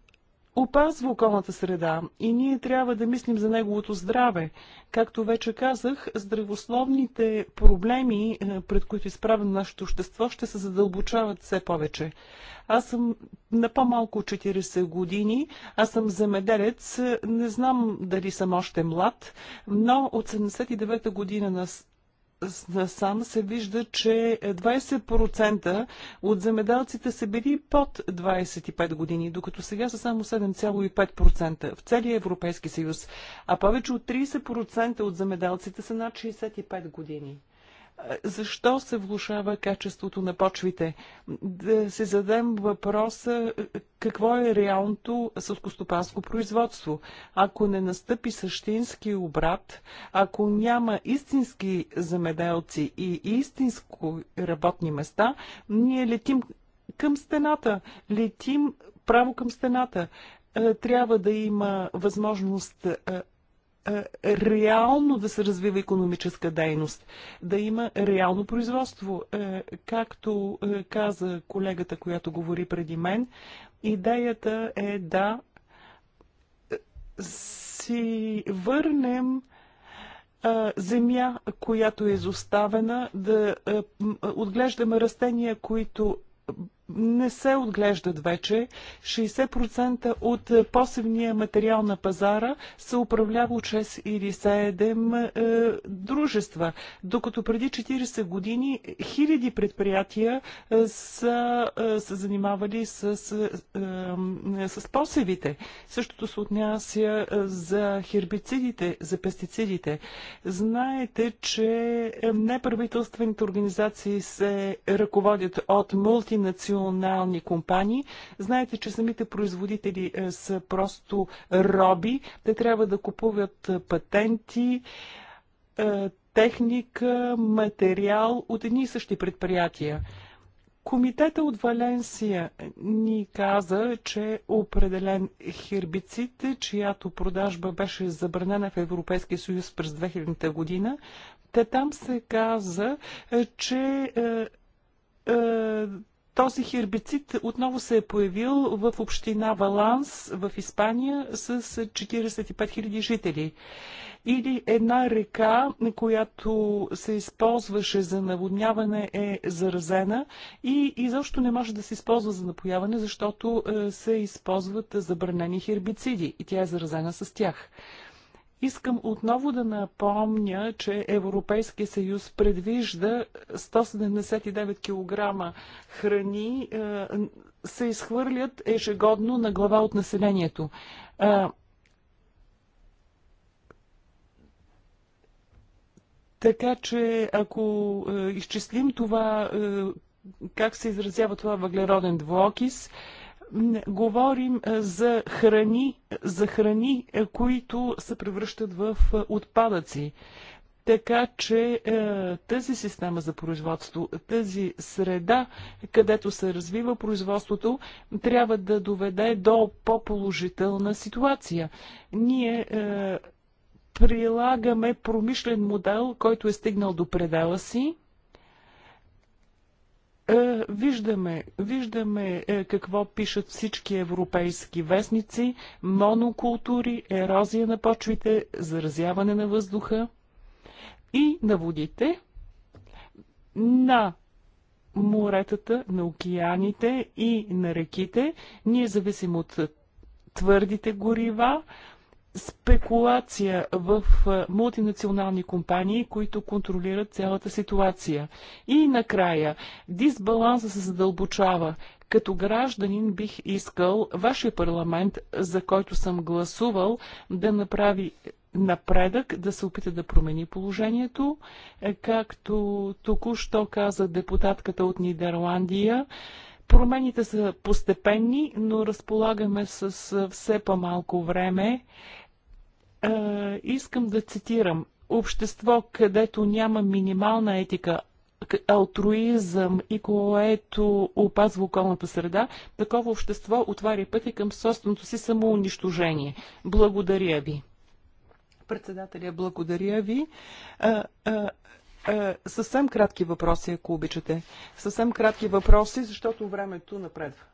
опазва околната среда и ние трябва да мислим за неговото здраве. Както вече казах, здравословните проблеми, е, пред които е изправено нашето общество, ще се задълбочават все повече. Аз съм на по-малко 40 години, аз съм земеделец, не знам дали съм още млад, но от 79-та година на насам се вижда, че 20% от земеделците са били под 25 години, докато сега са само 7,5% в целия Европейски съюз, а повече от 30% от земеделците са над 65 години защо се влушава качеството на почвите. Да се задем въпроса какво е реалното съскостопанско производство. Ако не настъпи същински обрат, ако няма истински замеделци и истинско работни места, ние летим към стената, летим право към стената. Трябва да има възможност е, реално да се развива економическа дейност, да има реално производство. Е, както е, каза колегата, която говори преди мен, идеята е да си върнем земя, която е изоставена, да отглеждаме растения, които не се отглеждат вече. 60% от посевния материал на пазара се управлява от 6 или 7 е, дружества, докато преди 40 години хиляди предприятия е, са е, се занимавали с, е, с е, посевите. Същото се отнася е, за хербицидите, за пестицидите. Знаете, че е, неправителствените организации се ръководят от мултинационални национални компании. Знаете, че самите производители е, са просто роби. Те трябва да купуват е, патенти, е, техника, материал от едни и същи предприятия. Комитета от Валенсия ни каза, че определен хербицид, чиято продажба беше забранена в Европейския съюз през 2000 година, те там се каза, че е, е, този хербицид отново се е появил в община Валанс в Испания с 45 000 жители. Или една река, която се използваше за наводняване е заразена и изобщо не може да се използва за напояване, защото е, се използват забранени хербициди и тя е заразена с тях. Искам отново да напомня, че Европейския съюз предвижда 179 кг храни е, се изхвърлят ежегодно на глава от населението. Е, така че, ако е, изчислим това, как се изразява това въглероден двуокис, говорим е, за храни, за храни, е, които се превръщат в е, отпадъци. Така че тази система за производство, тази среда, където се развива производството, трябва да доведе до по-положителна ситуация. Ние прилагаме промишлен модел, който е стигнал до предела си е, виждаме, виждаме е, какво пишат всички европейски вестници, монокултури, ерозия на почвите, заразяване на въздуха и на водите, на моретата, на океаните и на реките. Ние зависим от твърдите горива, спекулация в мултинационални компании, които контролират цялата ситуация. И накрая, дисбаланса се задълбочава. Като гражданин бих искал вашия парламент, за който съм гласувал, да направи напредък, да се опита да промени положението. Е, както току-що каза депутатката от Нидерландия, промените са постепенни, но разполагаме с все по-малко време. Е, искам да цитирам. Общество, където няма минимална етика, алтруизъм и което опазва околната среда, такова общество отваря пътя към собственото си самоунищожение. Благодаря ви. Председателя, благодаря ви. А, а, а, съвсем кратки въпроси, ако обичате. Съвсем кратки въпроси, защото времето напредва.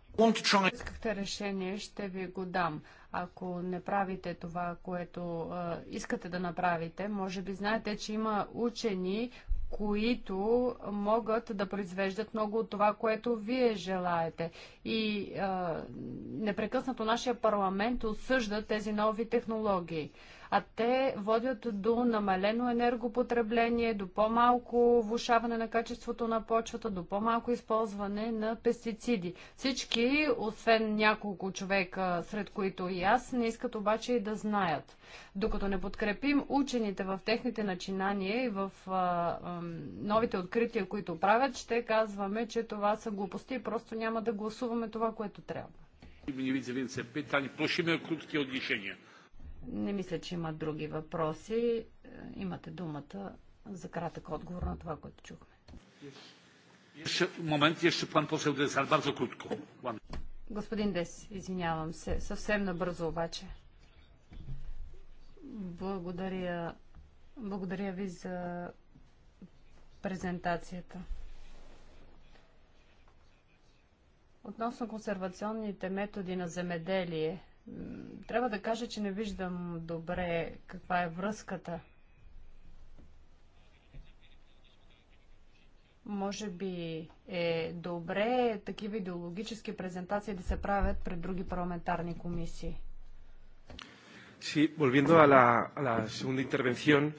Искахте решение, ще ви го дам. Ако не правите това, което а, искате да направите, може би знаете, че има учени, които могат да произвеждат много от това, което вие желаете. И а, непрекъснато нашия парламент осъжда тези нови технологии а те водят до намалено енергопотребление, до по-малко влушаване на качеството на почвата, до по-малко използване на пестициди. Всички, освен няколко човека, сред които и аз, не искат обаче и да знаят. Докато не подкрепим учените в техните начинания и в а, а, новите открития, които правят, ще казваме, че това са глупости и просто няма да гласуваме това, което трябва. Не видя więcej pytań. Prosimy o krótkie odniesienie. Не мисля, че има други въпроси. Е, имате думата за кратък отговор на това, което чухме. Jeszcze, moment, jeszcze pan poseł Desar, bardzo кратко. Господин Дес, извинявам се, съвсем набързо обаче. Благодаря, благодаря ви за презентацията. Относно консервационните методи на земеделие – трябва да кажа, че не виждам добре каква е връзката. Може би е добре такива идеологически презентации да се правят пред други парламентарни комисии. Sí, volviendo a la, a la segunda intervención.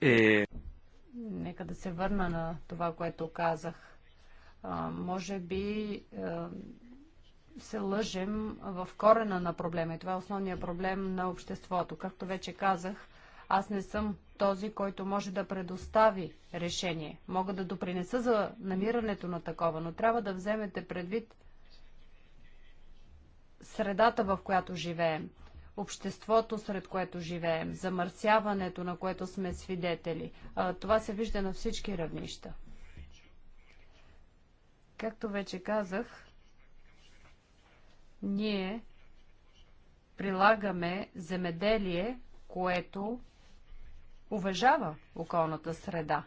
Eh... Нека да се върна на това, което казах. може би се лъжем в корена на проблема. И това е основният проблем на обществото. Както вече казах, аз не съм този, който може да предостави решение. Мога да допринеса за намирането на такова, но трябва да вземете предвид средата, в която живеем, обществото, сред което живеем, замърсяването, на което сме свидетели. Това се вижда на всички равнища. Както вече казах, ние прилагаме земеделие, което уважава околната среда.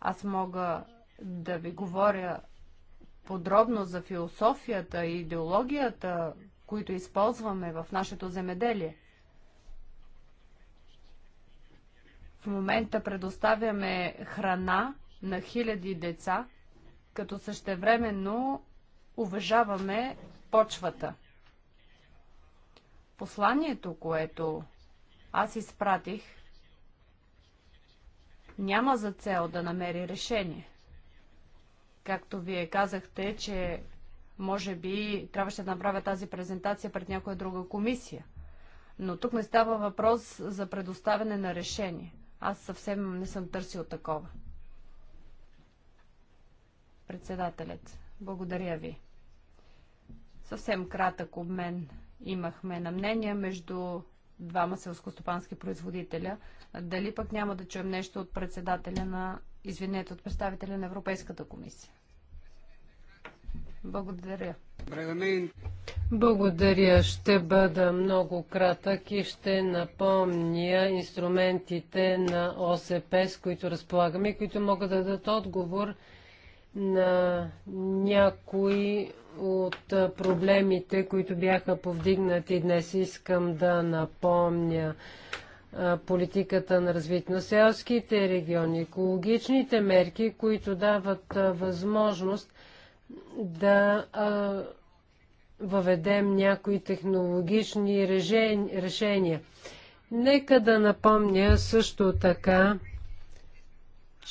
Аз мога да ви говоря подробно за философията и идеологията, които използваме в нашето земеделие. В момента предоставяме храна на хиляди деца, като същевременно уважаваме почвата. Посланието, което аз изпратих, няма за цел да намери решение. Както вие казахте, че може би трябваше да направя тази презентация пред някоя друга комисия. Но тук не става въпрос за предоставяне на решение. Аз съвсем не съм търсил такова. Председателят, благодаря ви. Съвсем кратък обмен имахме на мнение между двама селскостопански производителя. Дали пък няма да чуем нещо от председателя на, извинете, от представителя на Европейската комисия? Благодаря. Благодаря. Ще бъда много кратък и ще напомня инструментите на ОСП, с които разполагаме, които могат да дадат отговор на някои от проблемите, които бяха повдигнати днес. Искам да напомня политиката на развитие на селските региони, екологичните мерки, които дават възможност да въведем някои технологични решения. Нека да напомня също така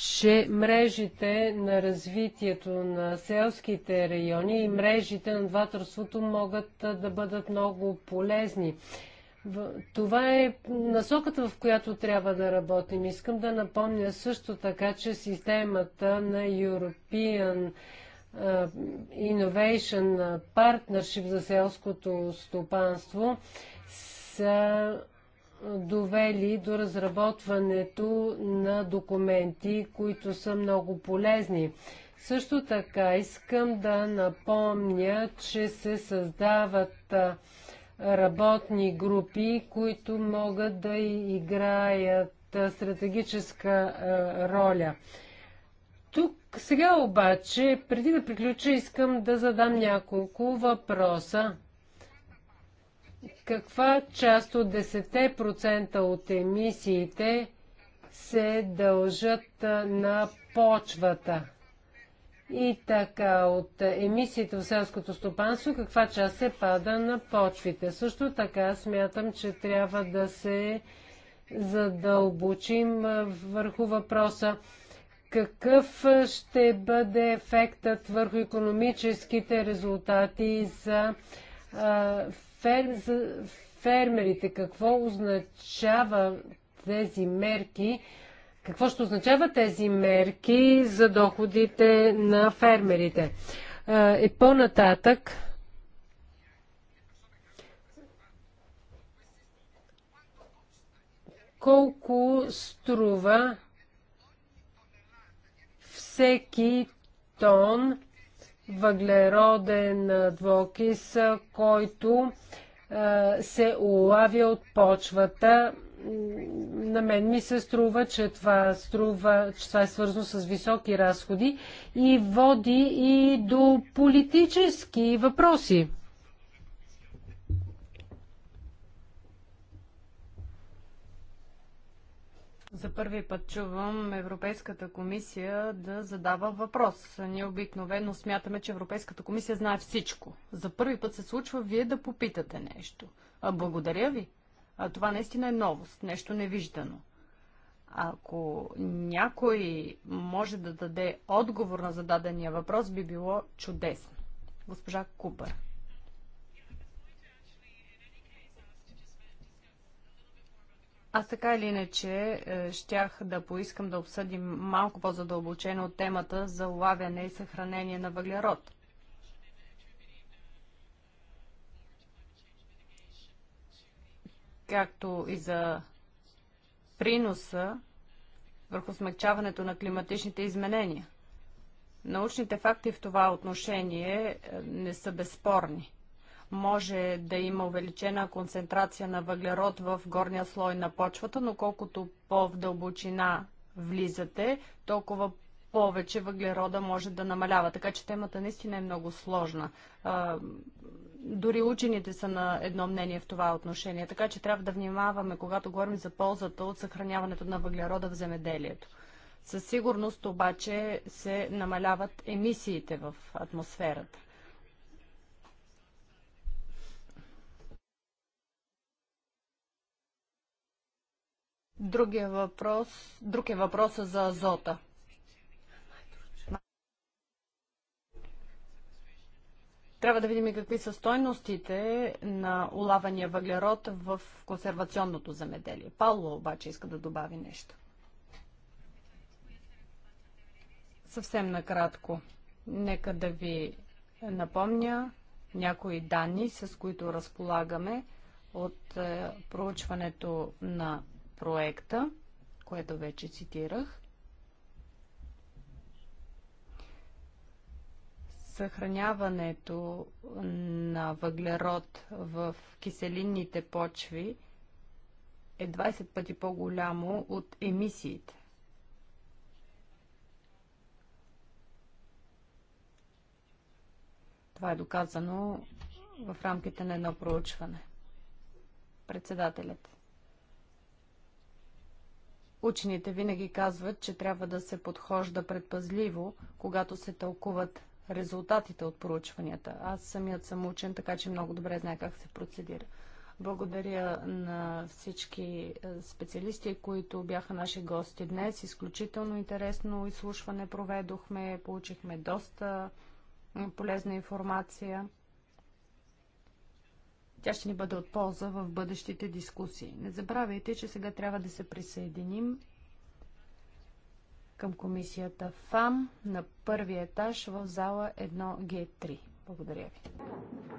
че мрежите на развитието на селските райони и мрежите на дваторството могат да бъдат много полезни. Това е насоката, в която трябва да работим. Искам да напомня също така, че системата на European Innovation Partnership за селското стопанство са довели до разработването на документи, които са много полезни. Също така искам да напомня, че се създават работни групи, които могат да играят стратегическа роля. Тук сега обаче, преди да приключа, искам да задам няколко въпроса. Каква част от 10% от емисиите се дължат на почвата? И така, от емисиите в селското стопанство, каква част се пада на почвите? Също така смятам, че трябва да се задълбочим върху въпроса какъв ще бъде ефектът върху економическите резултати за а, ферм, за фермерите, какво означава тези мерки, какво ще означава тези мерки за доходите на фермерите. И по-нататък колко струва всеки тон въглероден двокис, който се улавя от почвата. На мен ми се струва, че това, струва, че това е свързано с високи разходи и води и до политически въпроси. За първи път чувам Европейската комисия да задава въпрос. Ние обикновено смятаме, че Европейската комисия знае всичко. За първи път се случва вие да попитате нещо. А, благодаря ви. А, това наистина е новост, нещо невиждано. Ако някой може да даде отговор на зададения въпрос, би било чудесно. Госпожа Купър. Аз така или иначе е, щях да поискам да обсъдим малко по-задълбочено темата за улавяне и съхранение на въглерод. Както и за приноса върху смягчаването на климатичните изменения. Научните факти в това отношение е, не са безспорни. Може да има увеличена концентрация на въглерод в горния слой на почвата, но колкото по вдълбочина дълбочина влизате, толкова повече въглерода може да намалява. Така че темата наистина е много сложна. А, дори учените са на едно мнение в това отношение. Така че трябва да внимаваме, когато говорим за ползата от съхраняването на въглерода в земеделието. Със сигурност обаче се намаляват емисиите в атмосферата. Другия въпрос, друг е въпроса за азота. Трябва да видим и какви са стойностите на улавания въглерод в консервационното замеделие. Павло обаче иска да добави нещо. Съвсем накратко, нека да ви напомня някои данни, с които разполагаме от е, проучването на проекта, което вече цитирах. Съхраняването на въглерод в киселинните почви е 20 пъти по-голямо от емисиите. Това е доказано в рамките на едно проучване. Председателят. Учените винаги казват, че трябва да се подхожда предпазливо, когато се тълкуват резултатите от проучванията. Аз самият съм учен, така че много добре знае как се процедира. Благодаря на всички е, специалисти, които бяха наши гости днес. Изключително интересно изслушване проведохме, получихме доста полезна информация. Тя ще ни бъде от полза в бъдещите дискусии. Не забравяйте, че сега трябва да се присъединим към комисията ФАМ на първия етаж в зала 1Г3. Благодаря ви.